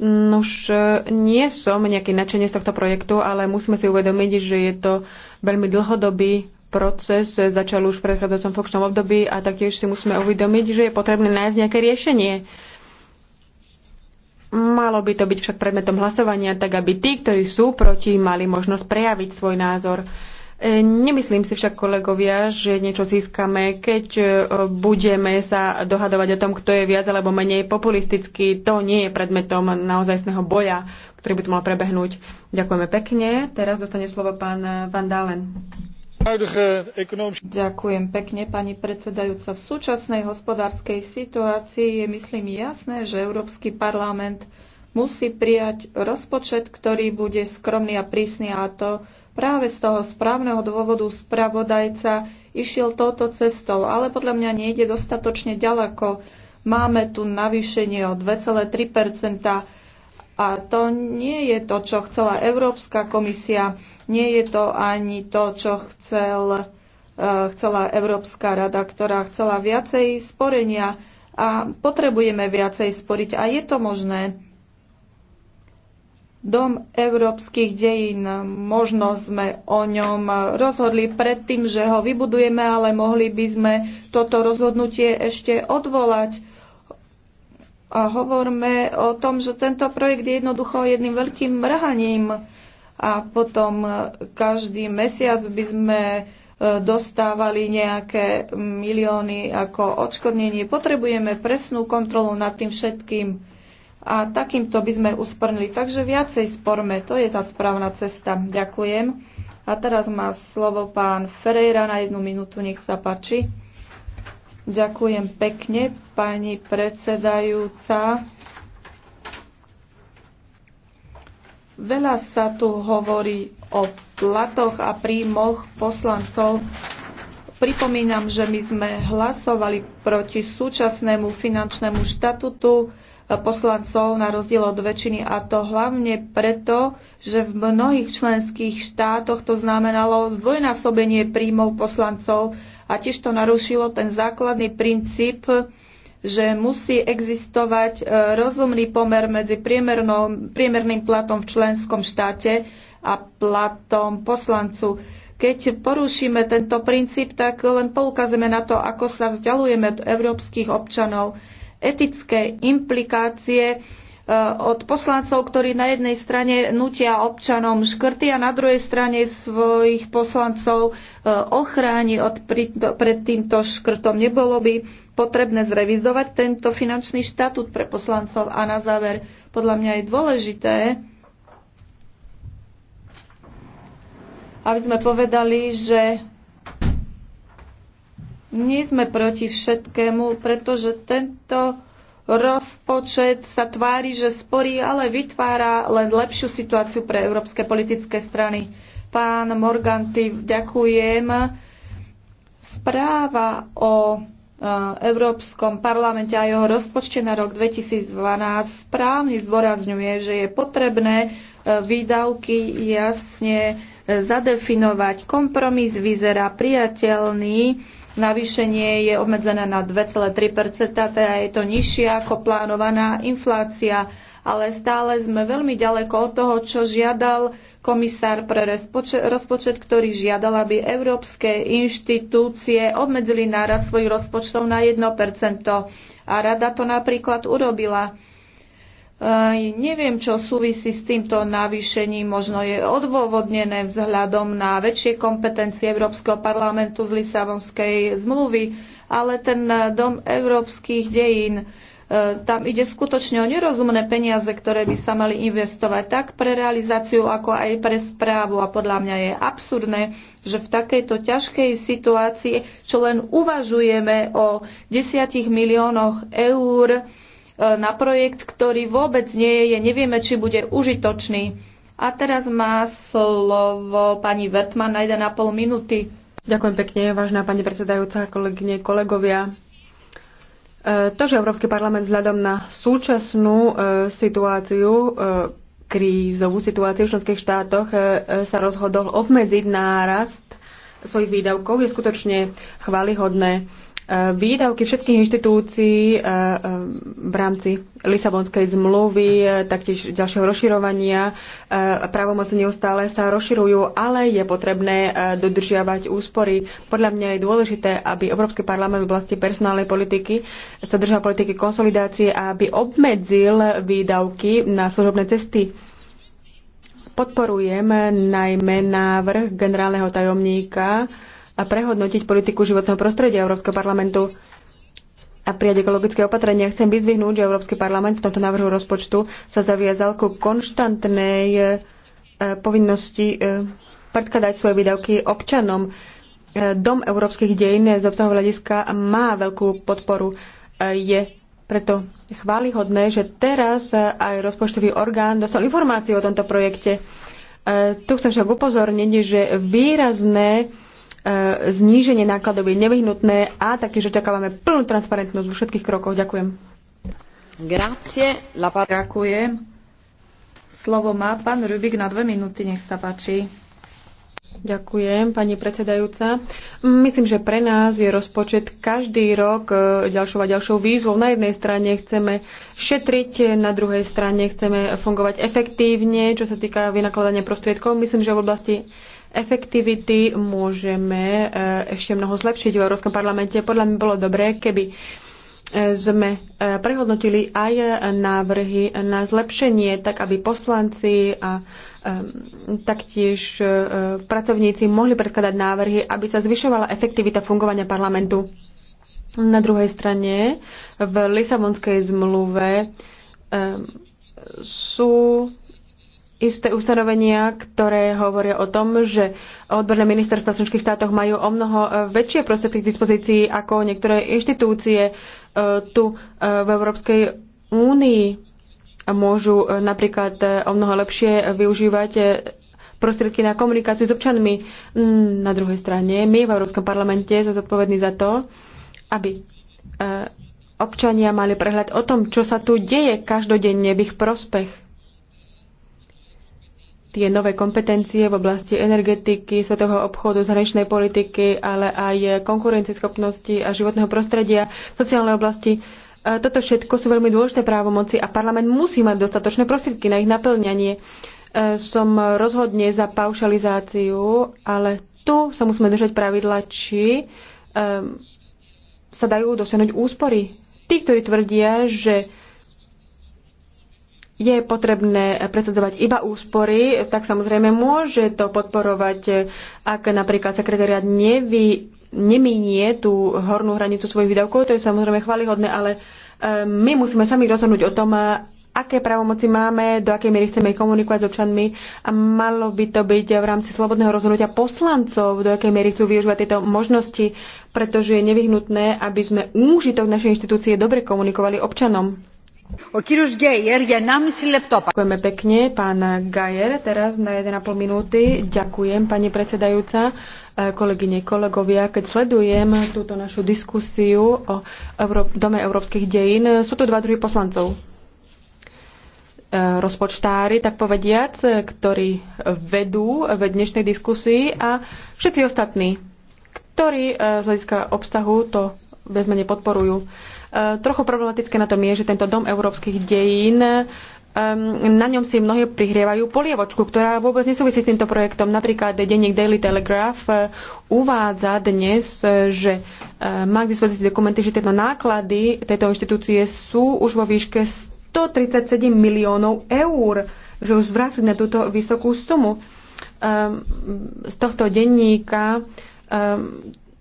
už e, nie som nejaký nadšenie z tohto projektu, ale musíme si uvedomiť, že je to veľmi dlhodobý proces, e, začal už v predchádzajúcom funkčnom období a taktiež si musíme uvedomiť, že je potrebné nájsť nejaké riešenie Malo by to byť však predmetom hlasovania, tak aby tí, ktorí sú proti, mali možnosť prejaviť svoj názor. E, nemyslím si však, kolegovia, že niečo získame, keď e, budeme sa dohadovať o tom, kto je viac alebo menej populistický. To nie je predmetom naozajstného boja, ktorý by tu mal prebehnúť. Ďakujeme pekne. Teraz dostane slovo pán Van Dalen. Ďakujem pekne, pani predsedajúca. V súčasnej hospodárskej situácii je, myslím, jasné, že Európsky parlament musí prijať rozpočet, ktorý bude skromný a prísny a to práve z toho správneho dôvodu spravodajca išiel touto cestou, ale podľa mňa nejde dostatočne ďaleko. Máme tu navýšenie o 2,3 a to nie je to, čo chcela Európska komisia. Nie je to ani to, čo chcel, e, chcela Európska rada, ktorá chcela viacej sporenia a potrebujeme viacej sporiť a je to možné. Dom európskych dejín, možno sme o ňom rozhodli predtým, že ho vybudujeme, ale mohli by sme toto rozhodnutie ešte odvolať. A hovorme o tom, že tento projekt je jednoducho jedným veľkým mrhaním a potom e, každý mesiac by sme e, dostávali nejaké milióny ako odškodnenie. Potrebujeme presnú kontrolu nad tým všetkým a takýmto by sme usprnili. Takže viacej sporme, to je tá správna cesta. Ďakujem. A teraz má slovo pán Ferreira na jednu minútu, nech sa páči. Ďakujem pekne, pani predsedajúca. Veľa sa tu hovorí o platoch a príjmoch poslancov. Pripomínam, že my sme hlasovali proti súčasnému finančnému štatutu eh, poslancov na rozdiel od väčšiny a to hlavne preto, že v mnohých členských štátoch to znamenalo zdvojnásobenie príjmov poslancov a tiež to narušilo ten základný princíp že musí existovať e, rozumný pomer medzi priemerným platom v členskom štáte a platom poslancu. Keď porušíme tento princíp, tak len poukazujeme na to, ako sa vzdialujeme od európskych občanov. Etické implikácie e, od poslancov, ktorí na jednej strane nutia občanom škrty a na druhej strane svojich poslancov e, ochráni od, pred týmto škrtom. Nebolo by potrebné zrevizovať tento finančný štatút pre poslancov a na záver podľa mňa je dôležité, aby sme povedali, že nie sme proti všetkému, pretože tento rozpočet sa tvári, že sporí, ale vytvára len lepšiu situáciu pre európske politické strany. Pán Morganti, ďakujem. Správa o E, Európskom parlamente a jeho rozpočte na rok 2012 správne zdôrazňuje, že je potrebné e, výdavky jasne e, zadefinovať. Kompromis vyzerá priateľný Navýšenie je obmedzené na 2,3 teda je to nižšie ako plánovaná inflácia, ale stále sme veľmi ďaleko od toho, čo žiadal komisár pre rozpočet, rozpočet ktorý žiadal, aby európske inštitúcie obmedzili náraz svojich rozpočtov na 1 a rada to napríklad urobila. Neviem, čo súvisí s týmto navýšením. Možno je odôvodnené vzhľadom na väčšie kompetencie Európskeho parlamentu z Lisabonskej zmluvy, ale ten dom európskych dejín, e, tam ide skutočne o nerozumné peniaze, ktoré by sa mali investovať tak pre realizáciu, ako aj pre správu. A podľa mňa je absurdné, že v takejto ťažkej situácii, čo len uvažujeme o desiatich miliónoch eur, E, na projekt, ktorý vôbec nie je, nevieme, či bude užitočný. A teraz má slovo pani Vertman na 1,5 minúty. Ďakujem pekne, vážna pani predsedajúca, kolegyne, kolegovia. E, to, že Európsky parlament vzhľadom na súčasnú e, situáciu krízovú situáciu v členských štátoch sa rozhodol obmedziť nárast svojich výdavkov, je skutočne chválihodné. Výdavky všetkých inštitúcií e, e, v rámci Lisabonskej zmluvy, e, taktiež ďalšieho rozširovania, právomoci neustále sa rozširujú, ale je potrebné dodržiavať úspory. Podľa mňa je dôležité, aby Európsky parlament v oblasti personálnej politiky sa držal politiky konsolidácie a aby obmedzil výdavky na služobné cesty podporujem najmä návrh generálneho tajomníka a prehodnotiť politiku životného prostredia Európskeho parlamentu a prijať ekologické opatrenia. Chcem vyzvihnúť, že Európsky parlament v tomto návrhu rozpočtu sa zaviazal ku konštantnej e, povinnosti e, predkladať svoje výdavky občanom. E, Dom európskych dejín z obsahu hľadiska má veľkú podporu. Je preto chválihodné, že teraz aj rozpočtový orgán dostal informáciu o tomto projekte. Tu chcem však upozorniť, že výrazné E, zníženie nákladov je nevyhnutné a taktiež očakávame plnú transparentnosť vo všetkých krokoch. Ďakujem. Grazie, la par- Ďakujem. Slovo má pán Rubik na dve minúty, nech sa páči. Ďakujem, pani predsedajúca. Myslím, že pre nás je rozpočet každý rok e, ďalšou a ďalšou výzvou. Na jednej strane chceme šetriť, na druhej strane chceme fungovať efektívne, čo sa týka vynakladania prostriedkov. Myslím, že v oblasti efektivity môžeme e, ešte mnoho zlepšiť v Európskom parlamente. Podľa mňa bolo dobré, keby e, sme e, prehodnotili aj návrhy na zlepšenie, tak aby poslanci a taktiež pracovníci mohli predkladať návrhy, aby sa zvyšovala efektivita fungovania parlamentu. Na druhej strane v Lisabonskej zmluve sú isté ustanovenia, ktoré hovoria o tom, že odborné ministerstva v členských štátoch majú o mnoho e, väčšie prostriedky k dispozícii ako niektoré inštitúcie e, tu e, v Európskej únii môžu napríklad o mnoho lepšie využívať prostriedky na komunikáciu s občanmi. Mm, na druhej strane, my v Európskom parlamente sme zodpovední za to, aby občania mali prehľad o tom, čo sa tu deje každodenne v ich prospech tie nové kompetencie v oblasti energetiky, svetového obchodu, zahraničnej politiky, ale aj konkurencieschopnosti a životného prostredia, sociálnej oblasti. E, toto všetko sú veľmi dôležité právomoci a parlament musí mať dostatočné prostriedky na ich naplňanie. E, som rozhodne za paušalizáciu, ale tu sa musíme držať pravidla, či e, sa dajú dosiahnuť úspory. Tí, ktorí tvrdia, že je potrebné predsedovať iba úspory, tak samozrejme môže to podporovať, ak napríklad sekretariat nevy, neminie tú hornú hranicu svojich výdavkov, to je samozrejme chválihodné, ale ehm, my musíme sami rozhodnúť o tom, aké právomoci máme, do akej miery chceme komunikovať s občanmi a malo by to byť v rámci slobodného rozhodnutia poslancov, do akej miery chcú využívať tieto možnosti, pretože je nevyhnutné, aby sme úžitok našej inštitúcie dobre komunikovali občanom. Ďakujeme pekne, pán Gajer. Teraz na 1,5 minúty. Ďakujem, pani predsedajúca, e, kolegyne, kolegovia. Keď sledujem túto našu diskusiu o Euró- Dome európskych dejín, sú tu dva druhy poslancov e, rozpočtári, tak povediac, ktorí vedú v dnešnej diskusii a všetci ostatní, ktorí e, z hľadiska obsahu to bezmene podporujú. Eh, trochu problematické na tom je, že tento dom európskych dejín na ňom si mnohí prihrievajú polievočku, ktorá vôbec nesúvisí s týmto projektom. Napríklad denník Daily Telegraph eh, uvádza dnes, eh, že má k dispozícii dokumenty, že tieto náklady tejto inštitúcie sú už vo výške 137 miliónov eur, že už vrátiť na túto vysokú sumu. Z tohto denníka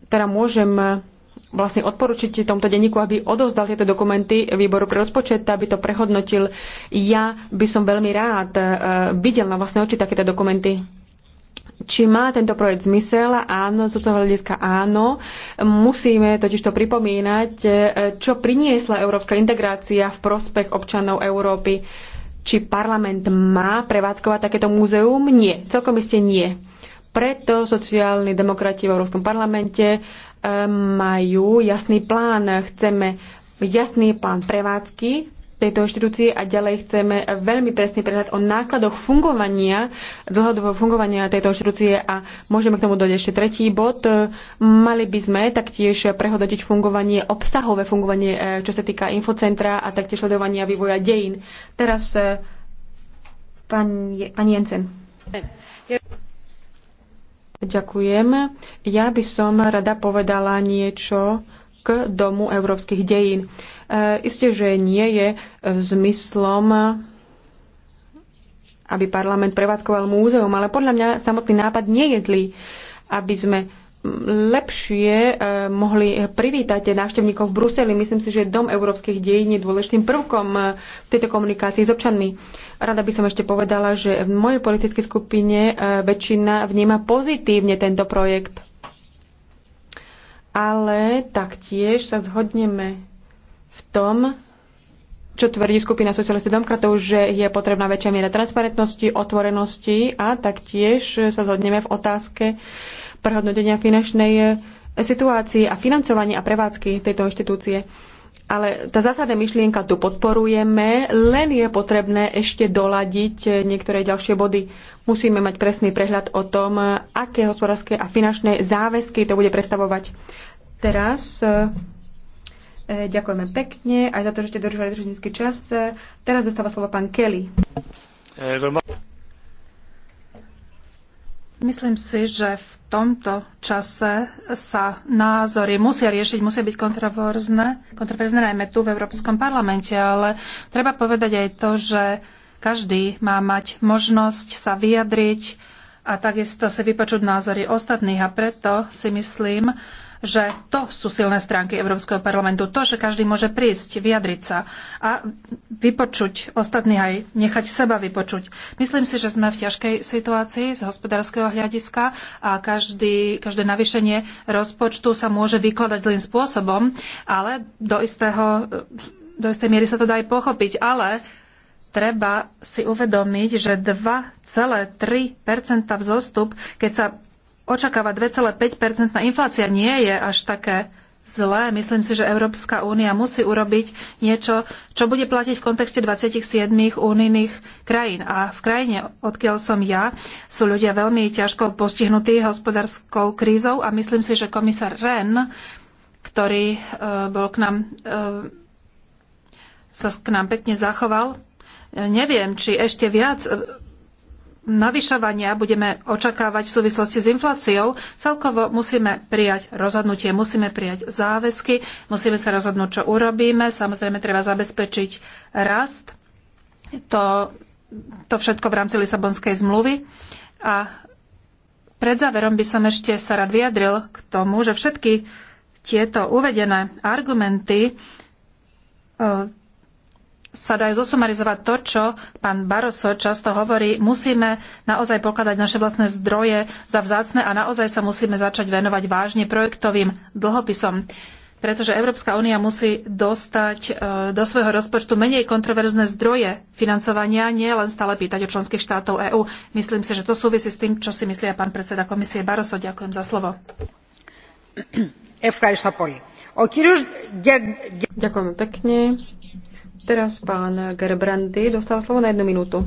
teda môžem vlastne odporučiť tomto denníku, aby odovzdal tieto dokumenty výboru pre rozpočet, aby to prehodnotil. Ja by som veľmi rád e, videl na vlastné oči takéto dokumenty. Či má tento projekt zmysel? Áno, z toho hľadiska áno. Musíme totiž to pripomínať, e, čo priniesla európska integrácia v prospech občanov Európy. Či parlament má prevádzkovať takéto múzeum? Nie, celkom iste nie. Preto sociálni demokrati v Európskom parlamente majú jasný plán. Chceme jasný plán prevádzky tejto inštitúcie a ďalej chceme veľmi presný prehľad o nákladoch fungovania, dlhodobého fungovania tejto inštitúcie a môžeme k tomu dodať ešte tretí bod. Mali by sme taktiež prehodnotiť fungovanie, obsahové fungovanie, eh, čo sa týka infocentra a taktiež sledovania vývoja dejín. Teraz pani, eh, pani Jensen. Eh, Ďakujem. Ja by som rada povedala niečo k Domu európskych dejín. E, isté, že nie je e, zmyslom aby parlament prevádzkoval múzeum, ale podľa mňa samotný nápad nie je zlý, aby sme lepšie eh, mohli privítať návštevníkov v Bruseli. Myslím si, že Dom európskych dejín je dôležitým prvkom eh, v tejto komunikácii s občanmi. Rada by som ešte povedala, že v mojej politickej skupine eh, väčšina vníma pozitívne tento projekt. Ale taktiež sa zhodneme v tom, čo tvrdí skupina socialistov demokratov, že je potrebná väčšia miera transparentnosti, otvorenosti a taktiež sa zhodneme v otázke prehodnotenia finančnej e, situácii a financovania a prevádzky tejto inštitúcie. Ale tá zásadná myšlienka tu podporujeme, len je potrebné ešte doladiť e, niektoré ďalšie body. Musíme mať presný prehľad o tom, e, aké hospodárske a finančné záväzky to bude predstavovať. Teraz ďakujeme pekne aj za to, že ste dodržali držnícky čas. Teraz dostáva slovo pán Kelly. Myslím si, že v tomto čase sa názory musia riešiť, musia byť kontroverzné, kontroverzné najmä tu v Európskom parlamente, ale treba povedať aj to, že každý má mať možnosť sa vyjadriť a takisto sa vypočuť názory ostatných. A preto si myslím, že to sú silné stránky Európskeho parlamentu. To, že každý môže prísť, vyjadriť sa a vypočuť ostatných aj nechať seba vypočuť. Myslím si, že sme v ťažkej situácii z hospodárskeho hľadiska a každý, každé navýšenie rozpočtu sa môže vykladať zlým spôsobom, ale do, istého, do istej miery sa to dá aj pochopiť. Ale treba si uvedomiť, že 2,3% vzostup, keď sa očakávať 2,5 no inflácia nie je až také zlé. Myslím si, že Európska únia musí urobiť niečo, čo bude platiť v kontexte 27 únijných krajín. A v krajine, odkiaľ som ja, sú ľudia veľmi ťažko postihnutí hospodárskou krízou a myslím si, že komisár Ren, ktorý e, bol k nám, e, sa k nám pekne zachoval, e, neviem, či ešte viac navyšovania budeme očakávať v súvislosti s infláciou, celkovo musíme prijať rozhodnutie, musíme prijať záväzky, musíme sa rozhodnúť, čo urobíme. Samozrejme, treba zabezpečiť rast. To, to všetko v rámci Lisabonskej zmluvy. A pred záverom by som ešte sa rád vyjadril k tomu, že všetky tieto uvedené argumenty e, sa dajú zosumarizovať to, čo pán Baroso často hovorí. Musíme naozaj pokladať naše vlastné zdroje za vzácne a naozaj sa musíme začať venovať vážne projektovým dlhopisom. Pretože Európska únia musí dostať e, do svojho rozpočtu menej kontroverzné zdroje financovania, nie len stále pýtať o členských štátov EÚ. Myslím si, že to súvisí s tým, čo si myslí pán predseda komisie Baroso. Ďakujem za slovo. Ďakujem pekne. Teraz pán Gerbrandy dostal slovo na jednu minútu.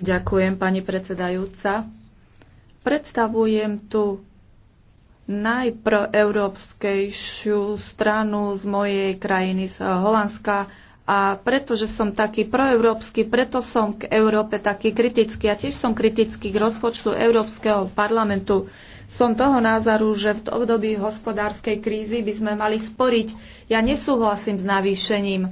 Ďakujem, pani predsedajúca. Predstavujem tu najproeurópskejšiu stranu z mojej krajiny, z Holandska, a pretože som taký proeurópsky, preto som k Európe taký kritický. A tiež som kritický k rozpočtu Európskeho parlamentu. Som toho názoru, že v období hospodárskej krízy by sme mali sporiť. Ja nesúhlasím s navýšením.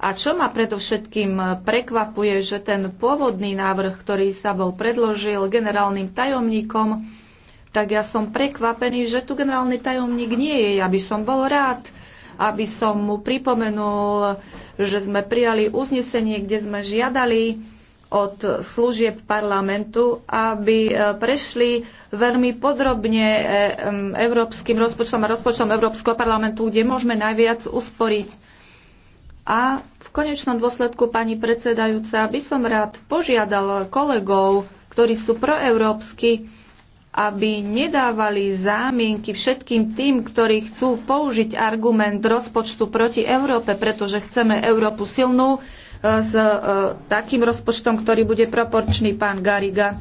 A čo ma predovšetkým prekvapuje, že ten pôvodný návrh, ktorý sa bol predložil generálnym tajomníkom, tak ja som prekvapený, že tu generálny tajomník nie je. Ja by som bol rád, aby som mu pripomenul, že sme prijali uznesenie, kde sme žiadali od služieb parlamentu, aby e, prešli veľmi podrobne e, európskym rozpočtom a rozpočtom Európskeho parlamentu, kde môžeme najviac usporiť. A v konečnom dôsledku, pani predsedajúca, by som rád požiadal kolegov, ktorí sú proeurópsky, aby nedávali zámienky všetkým tým, ktorí chcú použiť argument rozpočtu proti Európe, pretože chceme Európu silnú, s e, takým rozpočtom, ktorý bude proporčný, pán Gariga.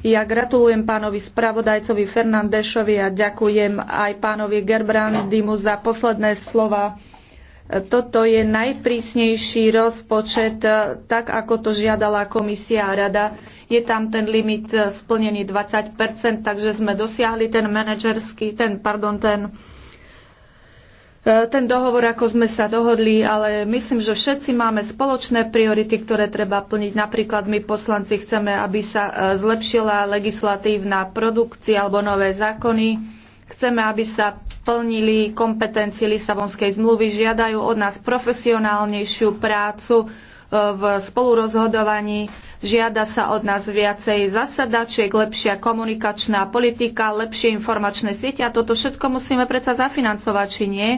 Ja gratulujem pánovi spravodajcovi Fernandešovi a ďakujem aj pánovi Gerbrandimu za posledné slova. Toto je najprísnejší rozpočet, e, tak ako to žiadala komisia a rada. Je tam ten limit e, splnený 20%, takže sme dosiahli ten manažerský, ten, pardon, ten E, ten dohovor, ako sme sa dohodli, ale myslím, že všetci máme spoločné priority, ktoré treba plniť. Napríklad my poslanci chceme, aby sa e, zlepšila legislatívna produkcia alebo nové zákony. Chceme, aby sa plnili kompetencie Lisabonskej zmluvy. Žiadajú od nás profesionálnejšiu prácu, v spolurozhodovaní. Žiada sa od nás viacej zasadačiek, lepšia komunikačná politika, lepšie informačné siete a toto všetko musíme predsa zafinancovať, či nie.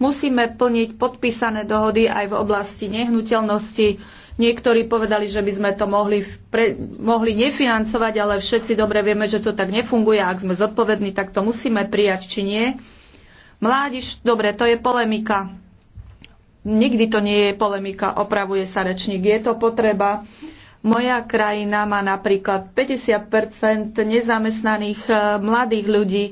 Musíme plniť podpísané dohody aj v oblasti nehnuteľnosti. Niektorí povedali, že by sme to mohli, pre, mohli nefinancovať, ale všetci dobre vieme, že to tak nefunguje. Ak sme zodpovední, tak to musíme prijať, či nie. Mládiš, dobre, to je polemika. Nikdy to nie je polemika, opravuje sa rečník. Je to potreba. Moja krajina má napríklad 50 nezamestnaných eh, mladých ľudí,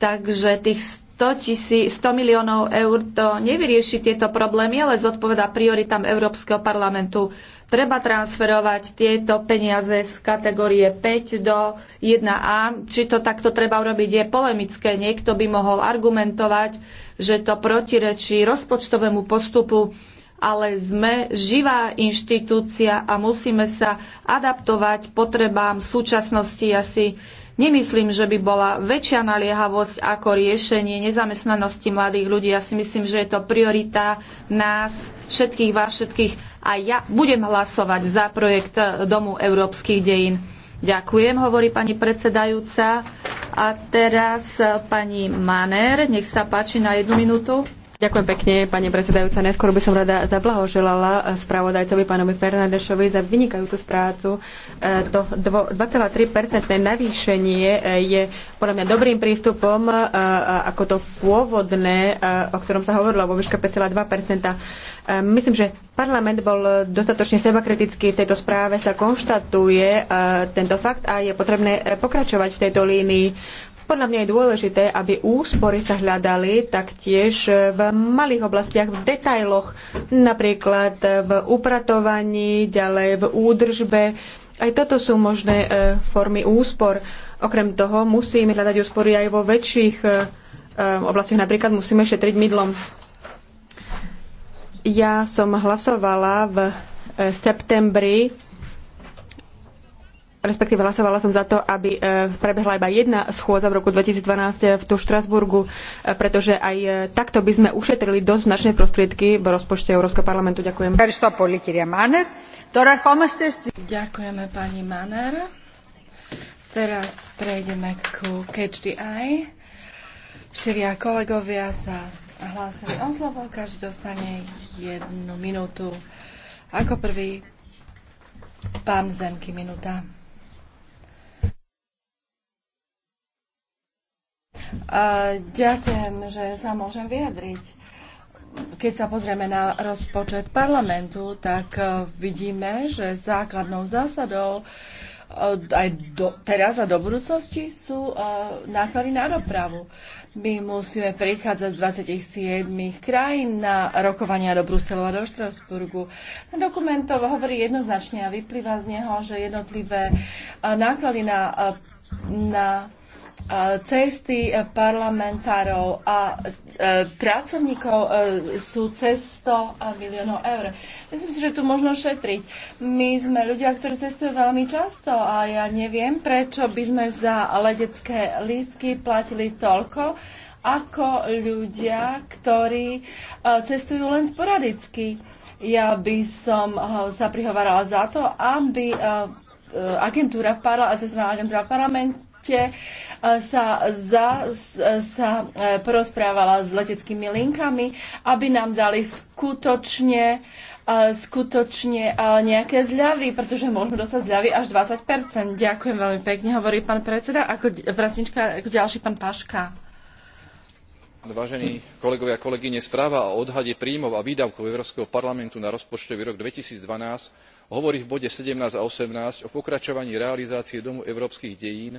takže tých 100, 100 miliónov eur to nevyrieši tieto problémy, ale zodpoveda prioritám Európskeho parlamentu treba transferovať tieto peniaze z kategórie 5 do 1A. Či to takto treba urobiť je polemické. Niekto by mohol argumentovať, že to protirečí rozpočtovému postupu, ale sme živá inštitúcia a musíme sa adaptovať potrebám súčasnosti. Ja si nemyslím, že by bola väčšia naliehavosť ako riešenie nezamestnanosti mladých ľudí. Ja si myslím, že je to priorita nás všetkých, vás všetkých a ja budem hlasovať za projekt Domu európskych dejín. Ďakujem, hovorí pani predsedajúca. A teraz eh, pani Maner, nech sa páči na jednu minútu. Ďakujem pekne, pani predsedajúca. Najskôr by som rada zablahoželala spravodajcovi pánovi Fernandešovi za vynikajúcu sprácu. E, to 23 navýšenie e, je podľa mňa dobrým prístupom e, ako to pôvodné, o ktorom sa hovorilo vo výške 5,2 Myslím, že parlament bol dostatočne sebakritický. V tejto správe sa konštatuje tento fakt a je potrebné pokračovať v tejto línii. Podľa mňa je dôležité, aby úspory sa hľadali taktiež v malých oblastiach, v detailoch, napríklad v upratovaní, ďalej v údržbe. Aj toto sú možné e, formy úspor. Okrem toho musíme hľadať úspory aj vo väčších e, e oblastiach. Napríklad musíme šetriť mydlom. Ja som hlasovala v e, septembri respektíve hlasovala som za to, aby e, prebehla iba jedna schôdza v roku 2012 e, v tu Štrasburgu, e, pretože aj takto by sme ušetrili dosť značné prostriedky v rozpočte Európskeho parlamentu. Ďakujem. Ďakujeme pani Maner. Teraz prejdeme ku Catch the Eye. Štyria kolegovia sa hlásili o slovo, každý dostane jednu minútu. Ako prvý pán Zemky minúta. Ďakujem, že sa môžem vyjadriť. Keď sa pozrieme na rozpočet parlamentu, tak e, vidíme, že základnou zásadou e, aj do, teraz a do budúcnosti sú uh, náklady na dopravu. My musíme prichádzať z 27 krajín na rokovania do Bruselu a do Štrasburgu. Ten dokument to hovorí jednoznačne a vyplýva z neho, že jednotlivé uh, náklady na, uh, na E, cesty e, parlamentárov a e, pracovníkov sú cez 100 miliónov eur. Myslím si, že tu možno šetriť. My sme ľudia, ktorí cestujú veľmi často a ja neviem, prečo by sme za letecké lístky platili toľko, ako ľudia, ktorí cestujú len sporadicky. Ja by som sa prihovarala za to, aby agentúra, cestovná agentúra parlament, lete e, sa, za, e, sa e, porozprávala s leteckými linkami, aby nám dali skutočne skutočne nejaké zľavy, pretože môžeme dostať zľavy až 20%. Ďakujem veľmi pekne, hovorí pán predseda. Ako, pracnička, ako ďalší pán Paška. Vážení kolegovia a kolegyne, správa o odhade príjmov a výdavkov Európskeho parlamentu na rozpočtový rok 2012 hovorí v bode 17 a 18 o pokračovaní realizácie Domu európskych dejín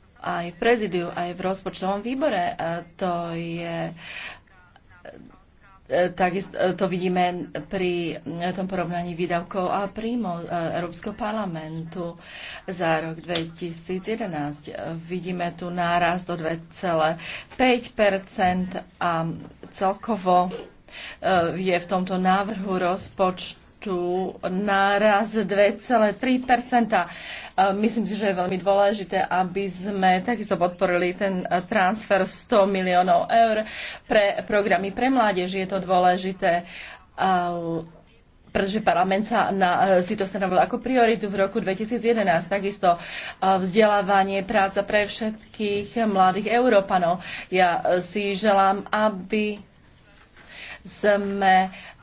aj v prezidiu, aj v rozpočtovom výbore. A e, to je e, Takisto e, to vidíme pri tom porovnaní výdavkov a príjmov Európskeho parlamentu za rok 2011. Vidíme tu náraz o 2,5 a celkovo je v tomto návrhu rozpočtu tu náraz 2,3 Myslím si, že je veľmi dôležité, aby sme takisto podporili ten transfer 100 miliónov eur pre programy pre mládež. Je to dôležité pretože parlament sa na, si to stanovil ako prioritu v roku 2011. Takisto vzdelávanie, práca pre všetkých mladých Európanov. Ja e, si želám, aby sme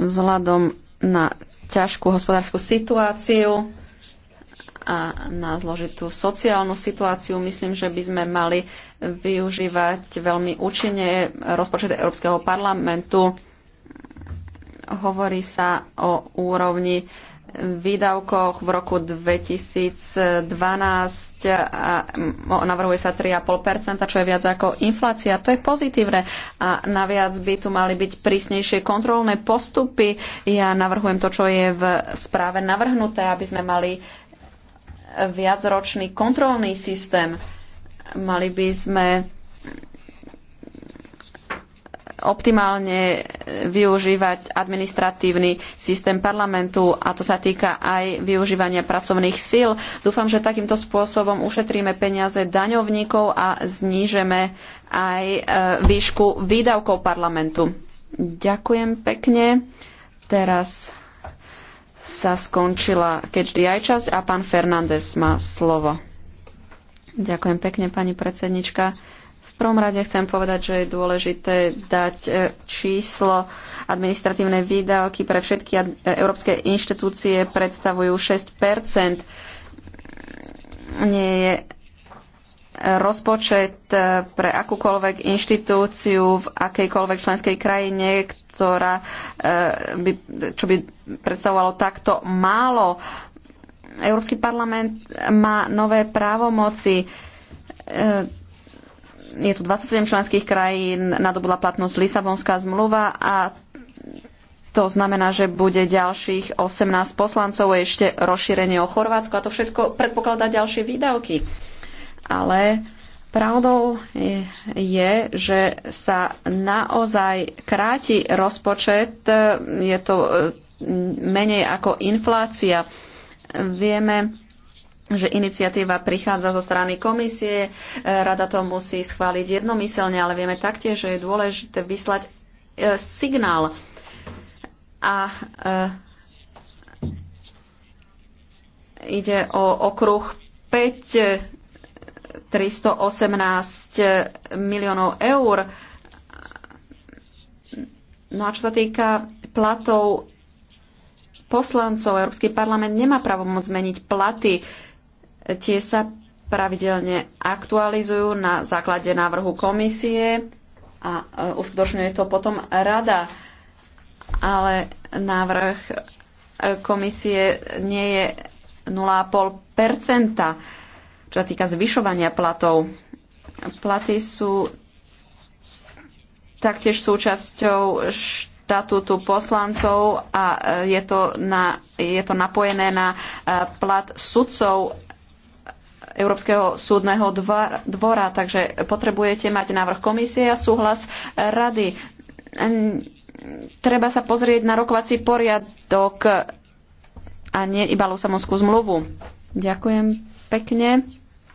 Vzhľadom na ťažkú hospodárskú situáciu a na zložitú sociálnu situáciu. Myslím, že by sme mali využívať veľmi účinne rozpočet Európskeho parlamentu. Hovorí sa o úrovni výdavkoch v roku 2012 a mm, navrhuje sa 3,5%, čo je viac ako inflácia. To je pozitívne. A naviac by tu mali byť prísnejšie kontrolné postupy. Ja navrhujem to, čo je v správe navrhnuté, aby sme mali viacročný kontrolný systém. Mali by sme optimálne e, využívať administratívny systém parlamentu a to sa týka aj využívania pracovných síl. Dúfam, že takýmto spôsobom ušetríme peniaze daňovníkov a znížeme aj e, výšku výdavkov parlamentu. Ďakujem pekne. Teraz sa skončila catch the časť a pán Fernández má slovo. Ďakujem pekne, pani predsednička prvom rade chcem povedať, že je dôležité dať e, číslo. Administratívne výdavky pre všetky e, európske inštitúcie predstavujú 6 Nie je rozpočet e, pre akúkoľvek inštitúciu v akejkoľvek členskej krajine, ktorá by, čo by predstavovalo takto málo. Európsky parlament má nové právomoci je tu 27 členských krajín, nadobudla platnosť Lisabonská zmluva a to znamená, že bude ďalších 18 poslancov, ešte rozšírenie o Chorvátsku a to všetko predpokladá ďalšie výdavky. Ale pravdou je, je že sa naozaj kráti rozpočet, je to e, menej ako inflácia. Vieme, že iniciatíva prichádza zo strany komisie, e, rada to musí schváliť jednomyselne, ale vieme taktiež, že je dôležité vyslať e, signál. A e, ide o okruh 5 318 miliónov eur. No a čo sa týka platov poslancov, Európsky parlament nemá právo môcť zmeniť platy Tie sa pravidelne aktualizujú na základe návrhu komisie a e, uskutočňuje to potom rada. Ale návrh e, komisie nie je 0,5 čo sa týka zvyšovania platov. Platy sú taktiež súčasťou štatútu poslancov a e, je to, na, je to napojené na plat sudcov Európskeho súdneho dvora, takže potrebujete mať návrh komisie a súhlas rady. Treba sa pozrieť na rokovací poriadok a nie iba Lusamonskú zmluvu. Ďakujem pekne.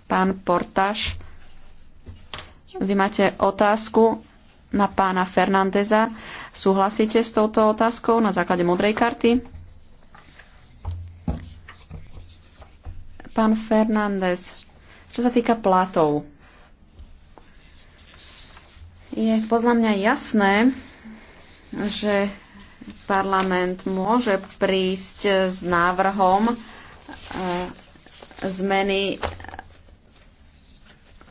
Pán Portáš, vy máte otázku na pána Fernandeza. Súhlasíte s touto otázkou na základe modrej karty? Pán Fernández, čo sa týka platov, je podľa mňa jasné, že parlament môže prísť s návrhom e, zmeny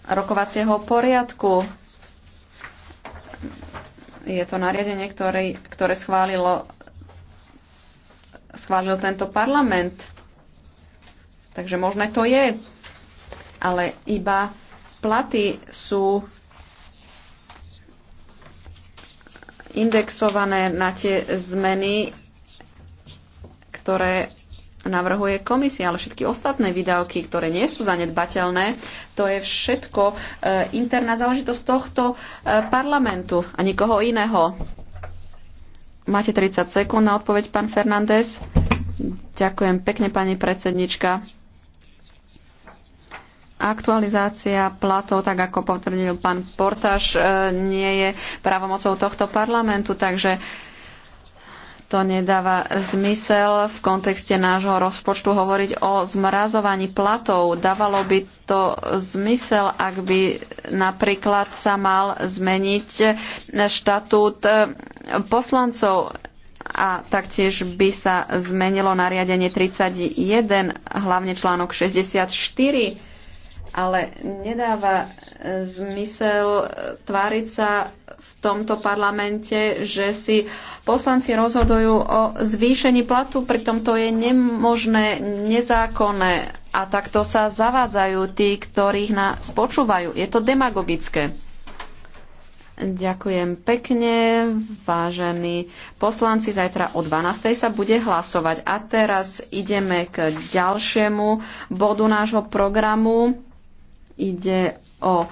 rokovacieho poriadku. Je to nariadenie, ktoré, ktoré schválilo, schválil tento parlament. Takže možné to je, ale iba platy sú indexované na tie zmeny, ktoré navrhuje komisia, ale všetky ostatné výdavky, ktoré nie sú zanedbateľné, to je všetko e, interná záležitosť tohto e, parlamentu a nikoho iného. Máte 30 sekúnd na odpoveď, pán Fernández. Ďakujem pekne, pani predsednička aktualizácia platov, tak ako potvrdil pán Portáš, e, nie je právomocou tohto parlamentu, takže to nedáva zmysel v kontexte nášho rozpočtu hovoriť o zmrazovaní platov. Dávalo by to zmysel, ak by napríklad sa mal zmeniť štatút e, poslancov a taktiež by sa zmenilo nariadenie 31, hlavne článok 64 ale nedáva e, zmysel e, tváriť sa v tomto parlamente, že si poslanci rozhodujú o zvýšení platu, pritom to je nemožné, nezákonné a takto sa zavádzajú tí, ktorých nás počúvajú. Je to demagogické. Ďakujem pekne, vážení poslanci. Zajtra o 12.00 sa bude hlasovať. A teraz ideme k ďalšiemu bodu nášho programu. Ide o